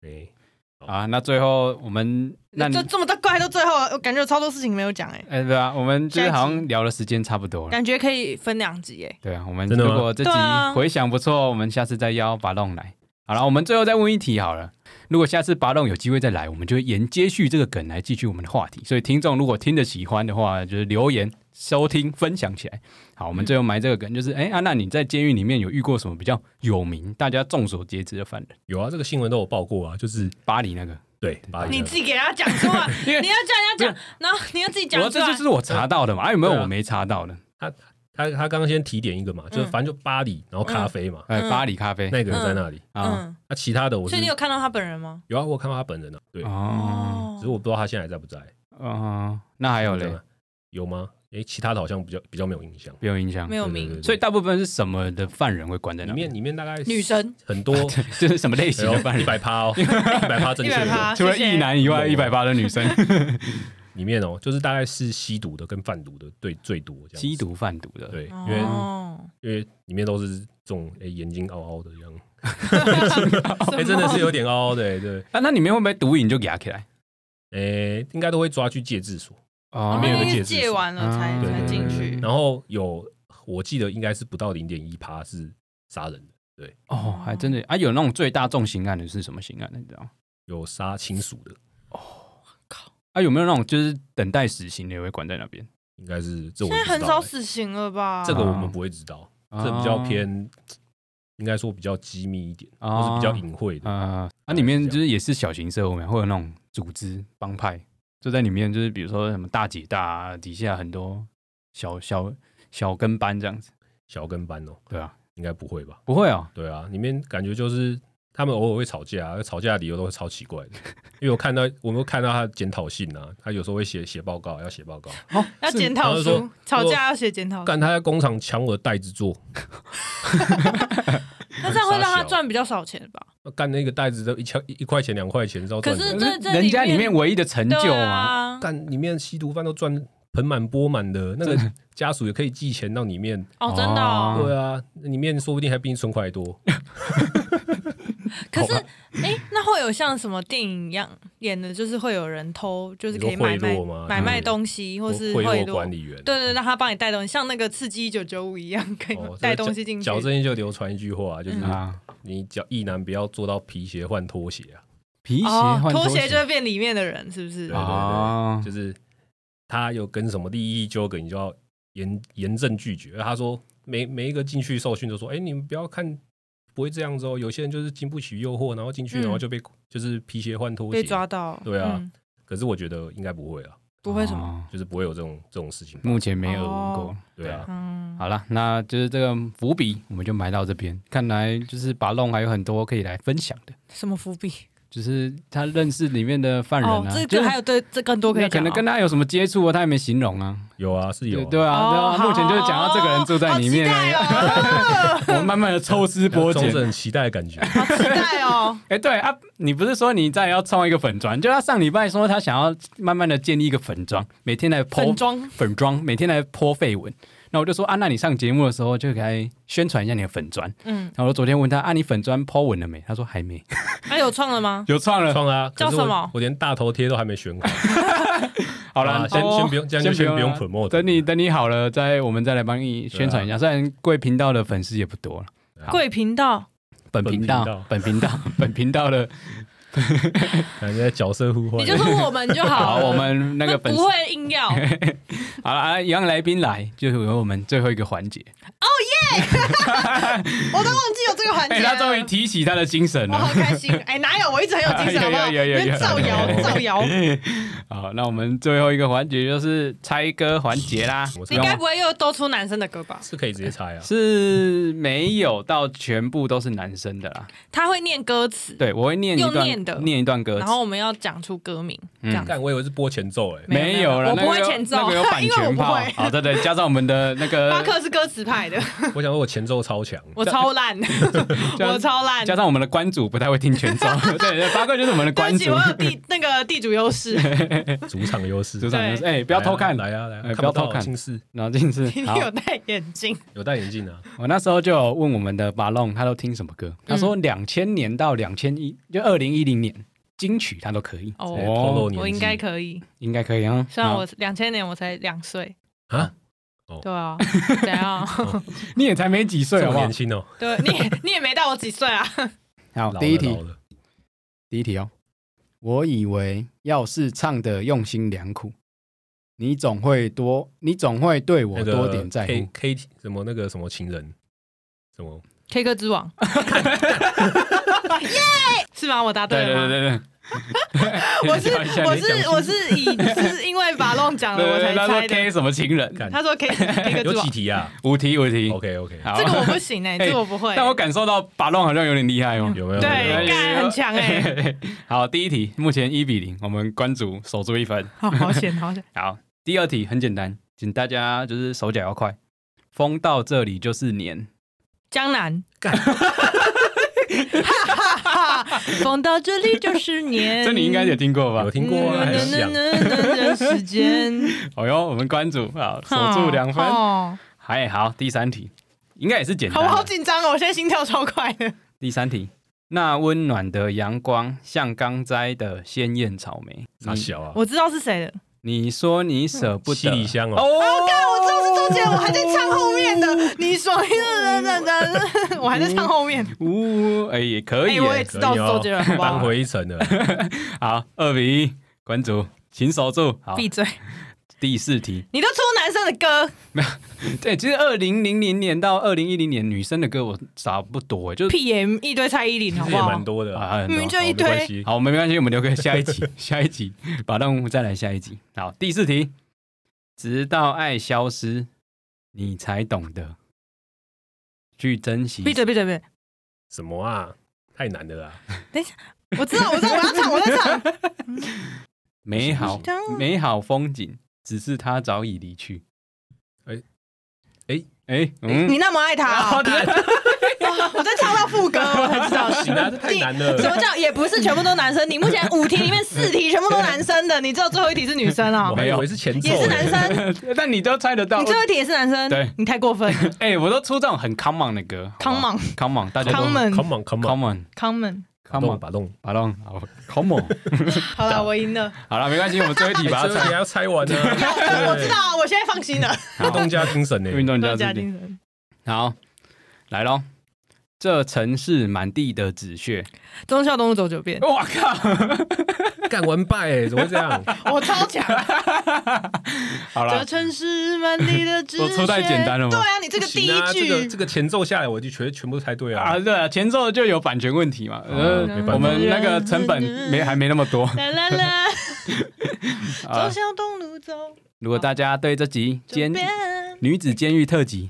誒。啊，那最後我們那你這麼多怪到最後、啊，我感覺有超多事情沒有講哎、欸欸。對啊，我們就是好像聊的時間差不多了，感覺可以分兩集哎、欸。對啊，我們如果這集回想不錯，我們下次再邀巴龍來。好了，我們最後再問一題好了。如果下次巴龍有機會再來，我們就會沿接續這個梗來繼續我們的話題。所以聽眾如果聽得喜歡的話，就是留言。收聽分享起來，好，我們最後埋這個梗，就是哎，安、嗯、娜，啊、你在監獄裡面有遇過什麼比較有名、大家眾所皆知的犯人？有啊，這個新聞都有報過啊，就是八里那個，對，對八里、那個。你自己給他講出來， 你要這樣講，然後你要自己講出、啊、這就是我查到的嘛，啊，有沒有我沒查到的、啊？他、他、他剛剛先提點一個嘛，就是反正就八里，嗯、然後咖啡嘛、嗯，哎，八里咖啡那個人在那裡、嗯、啊。那、嗯啊、其他的我是，我……你有看到他本人嗎？有啊，我有看到他本人啊。對哦。只是我不知道他現在還在不在。哦、嗯，那還有嘞，有、嗯、嗎？嗯欸、其他的好像比較比較沒有印象，沒有印象，沒有名，所以大部分是什麼的犯人會關在裡，裡面？裡面大概女生很多， 就是什麼類型的犯人？一百趴哦，一百趴正確的，除了一男以外，一百趴的女生 裡面哦，就是大概是吸毒的跟販毒的對最多這樣。吸毒販毒的對、哦，因為因為裡面都是這種、欸、眼睛凹凹的這樣，哎、 欸、真的是有點凹凹的對。那、啊、那裡面會不會毒癮就壓起來？哎、欸，應該都會抓去戒治所。啊、oh，必須借完了才，啊、才進去，嗯。然後有，我記得應該是不到零點一趴是殺人的，對。哦，還真的啊，啊，有那種最大眾刑案的是什麼刑案呢？你知道？有殺親屬的。哦，靠！啊，有沒有那種就是等待死刑的？會關在哪邊？應該是這種。現在很少死刑了吧？這個我們不會知道，啊、這比較偏，應該說比較機密一點，啊，或是比較隱晦的。啊，那、啊啊、裡面就是也是小型社會，會有那種組織幫派。就在裡面，就是比如說什麼大姐大啊，底下很多小小小跟班這樣子，小跟班哦？對啊，應該不會吧？不會哦？對啊，裡面感覺就是他們偶爾會吵架啊，吵架的理由都會超奇怪的，因為我看到，我們都看到他檢討信啊，他有時候會寫寫報告，要寫報告，哦，要檢討書，吵架要寫檢討，但他在工廠搶我的袋子做。 那這樣會讓他賺比較少錢吧？幹、嗯、那個袋子都一塊一塊錢兩塊錢，然後賺錢是人家裡面唯一的成就嘛啊，干裡面吸毒販都賺。盆滿缽滿的，的那個家屬也可以寄錢到裡面哦，真的，對啊、哦，裡面說不定還比你存款還多。 可是，哎、哦欸，那會有像什麼電影一樣演的，就是會有人偷，就是可以買賣嗎，買賣東西，嗯、或是會有管理員，對對，對，讓他幫你帶東西，像那個《刺激一九九五》一樣，可以帶東西進去。矯、哦、正就流傳一句話，就是、嗯、你腳役男不要做到皮鞋換拖鞋啊，皮鞋換拖、哦、拖鞋就會變裡面的人，是不是？哦，對對對，就是。他有跟什麼利益糾葛，你就要嚴嚴正拒絕。他說每每一個進去受訓，就說：“哎、欸，你們不要看，不會這樣子哦。有些人就是經不起誘惑，然後進去，然後就被、嗯、就是皮鞋換拖鞋被抓到。”對啊、嗯，可是我覺得應該不會啊，不會什麼，哦、就是不會有這種這種事情。目前沒有過、哦，對啊。嗯、好了，那就是這個伏筆，我們就埋到這邊。看來就是巴龍還有很多可以來分享的。什麼伏筆？只、就是他認識裡面的犯人啊，哦這個、就是、還有更、這個、多可，你可能跟他有什麼接觸啊，他也沒形容啊，有啊，是有啊對，對啊，哦、目前就是講到這個人住在裡面呢，哦哦 待哦、 我們慢慢的抽絲剝繭，很、嗯、期待的感覺， 好期待哦。哎、 欸，對啊，你不是說你在要創一個粉專，就他上禮拜說他想要慢慢的建立一個粉專，每天來潑粉專，每天來潑廢文。那我就說啊，那你上節目的時候就該宣傳一下你的粉專。嗯，然後我昨天問他啊，你粉專 PO 文了沒？他說還沒。還、啊、有創了嗎？有創了，創了。叫什麼我？我連大頭貼都還沒選好。 好啦、哦，先先不用，先先不用粉墨。等你等你好了，再我們再來幫你宣傳一下、啊。雖然貴頻道的粉絲也不多了，貴頻道、本頻道、本頻道、 本，頻道本頻道的，反正角色互換，你就說我們就好。 好，我們那個粉絲 不會硬要。 啊啊！楊來賓來，就是有我們最後一個環節。哦耶！我都忘記有這個環節、欸。他終於提起他的精神了，好開心。哎、欸，哪有？我一直很有精神。有有有有。造、yeah, 謠、yeah, yeah，造謠。 好，那我們最後一個環節就是猜歌環節啦。你應該不會又多出男生的歌吧？是可以直接猜啊。是沒有到全部都是男生的啦。他會念歌詞，對我會念一段，念一段歌詞，然後我們要講出歌名。嗯、這樣，但我以為是播前奏，哎，沒有了，我不會前奏。前奏派，好的，對，加上我們的那個巴克是歌詞派的。我想說我前奏超強， 我超爛爛， 加 我超爛。加上我們的關主不太會聽前奏， 對、對對，巴克就是我們的關主。我有地那個地主優勢 ，主場優勢，主場優勢。哎，不要偷看，來啊來啊，來啊欸、不要偷看，近視。然後近視有戴眼鏡， 有戴眼鏡的、啊。我那時候就有問我們的巴龍，他都聽什麼歌？嗯、他說兩千年到兩千一，就二零一零年。金曲他都可以哦、oh,，我應該可以，應該可以啊。雖、哦、我兩千年我才兩歲啊，對啊， 啊 oh. 你也才沒幾歲好好？年輕哦， 對，你你也沒到我幾歲啊。好，第一題，第一題哦。我以為要是唱得用心良苦，你總會多，你總會對我多點在乎。那個、K, K 什麼那個什麼情人，什麼 K 歌之王，耶 ，yeah! 是嗎？我答對了。對對對對對 我是我是我是，我是以是 因為巴龍講了我才猜的。K 什麼情人？他說 K。有幾個題啊？五題五題。OK OK。好，這個我不行哎，這個我不會。但我感受到巴龍好像有點厲害哦，有沒有？對，有有有有很強哎、欸。好，第一題目前一比零，我們關主守住一分。好好險，好險。好，第二題很簡單，請大家就是手腳要快。風到這裡就是黏江南。 放到這裡就是年， 這你應該也聽過吧？有聽過啊，嗯、很想。嗯嗯嗯嗯嗯嗯、時間。哎、 哦、呦，我們關注啊，守住兩分，還、哦、好。第三題應該也是簡單。我好緊張哦，我現在心跳超快的。第三題，那溫暖的陽光像剛摘的鮮豔草莓，啥小啊？我知道是誰的。你說你捨不得七里香哦！Oh, God，我靠，我就是周杰， 我還在唱後面的。你說， 我還在唱後面的。嗚，哎，也可以、欸，我也知道周杰倫。扳、哦、回一城的， 好，二比一，關主，請守住。好，閉嘴。第四題，你都出男生的歌，沒有？對，其實二零零零年到二零一零年，女生的歌我差不多就是 PM 一堆蔡依林好好，其實也蠻多的啊。你、嗯、們就一堆，好，我們沒關係，我們留個下一集， 下一集，把任務再來下一集。好，第四題，直到愛消失，你才懂得去珍惜。閉嘴，閉嘴，閉！什麼啊？太難了啦！等一下，我知道，我知道，我要唱，我在唱。 美好、啊，美好風景。只是他早已離去。哎哎哎！你那麼愛他、喔？好的 我真唱到副歌，我才知道。男 的？什麼叫也不是全部都男生？ 你目前五題裡面四題全部都男生的，你知道最後一題是女生啊、喔？ 沒有，也是前幾題也是男生。 但你都猜得到， 你最後一題也是男生？對，你太過分。哎、欸，我都出這種很 common 的歌。 wow, common common 大家 common common common common On, 好， 好啦，了，我贏了，好了，沒關係，我們最後一題把猜，還、欸、要猜完呢，我知道，我現在放心了，運動家精神呢，運動家精神，好，來咯，這城市滿地的紙屑，忠孝東路走九遍，我靠。幹完敗、欸？怎麼會這樣？我、 哦、超強！ 好了，這城市滿地的紙屑。 我抽太簡單了嗎？對啊，你這個第一句、啊這個、這個前奏下來，我就全全部猜對啊！啊，對啊，前奏就有版權問題嘛，呃、哦嗯，我們那個成本沒還沒那麼多。 啦啦啦！走向東路走。如果大家對這集監女子監獄特輯。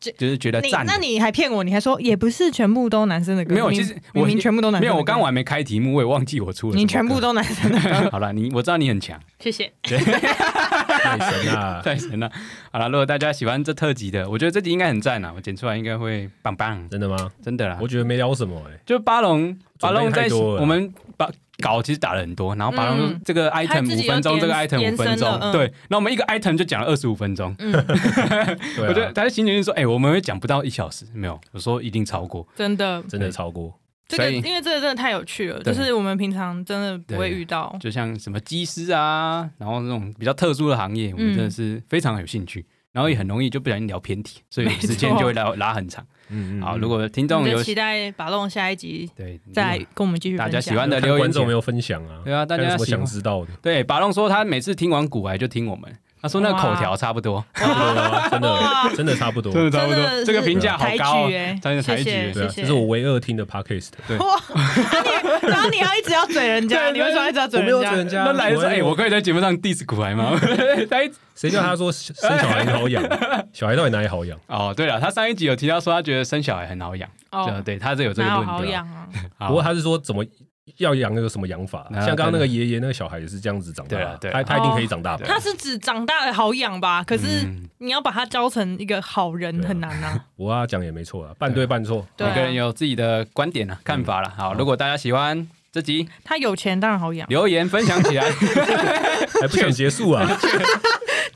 就，就是覺得讚，那你還騙我？你還說也不是全部都男生的歌？沒有，其實我明、明全部都男生的歌。沒有，我剛剛我還沒開題目，我也忘記我出了。你全部都男生的歌， 好了，你我知道你很強，謝謝，太神了、啊，太神了、啊。好了，如果大家喜歡這特輯的，我覺得這集應該很讚啦。我剪出來應該會棒棒。真的嗎？真的啦，我覺得沒聊什麼哎、欸，就巴龍。把我們太多、啊、在我們把稿其實打了很多，然後把他們這個 item 五分鐘、嗯，這個 item 五分鐘、嗯，對，那我們一個 item 就講了二十五分鐘、嗯 啊。我覺得大家心裡面說，哎、欸，我們會講不到一小時，沒有，我說一定超過，真的，真的超過。這個因為這個真的太有趣了，就是我們平常真的不會遇到，就像什麼機師啊，然後那種比較特殊的行業，嗯、我們真的是非常有興趣。然後也很容易就不小心聊偏題，所以時間就會拉拉很長。嗯嗯，嗯，好，如果聽眾有期待，巴龍下一集對，再跟我們繼續。大家喜歡的留言有沒有分享啊？對啊，大家有什麼想知道的？對，巴龍說他每次聽完股癌就聽我們。他說那口條差不多，差不多真的真的差不多，真的差不多。這個評價好高哦、啊，真的抬舉，就、欸啊啊、是我唯二聽的 Podcast 對。對 啊，然後你還一直要懟人家，你們說還一直要懟人，人家。那來的時候，哎、欸，我可以在節目上 diss 古白嗎？誰、嗯、叫他說生小孩很好養？ 小孩到底哪裡好養？哦，對了，他上一集有提到說他覺得生小孩很好養。哦，對，他是有這個論點。好養、啊、不過他是說怎麼。要養那個什麼養法、啊啊？像剛剛那個爺爺，那個小孩也是這樣子長大的。他他一定可以長大的、哦。他是指長大了好養吧？可是你要把他教成一個好人很難啊。嗯、啊我講也沒錯，半對半錯、啊啊，每個人有自己的觀點、啊嗯、看法了。好、哦，如果大家喜歡這集，他有錢當然好養。留言分享起來， 還不想結束啊？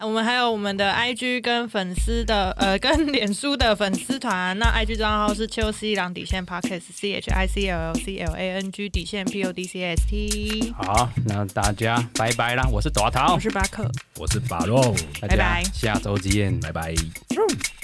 我們還有我們的 IG 跟粉絲的，呃，跟臉書的粉絲團。那 IG 賬號是秋西郎底線 p o c a s t c H I C -L, L C L A N G 底線 P O D C S T。好，那大家拜拜啦！我是朵桃，我是巴克，我是法洛，拜拜，下週見，拜拜。拜拜。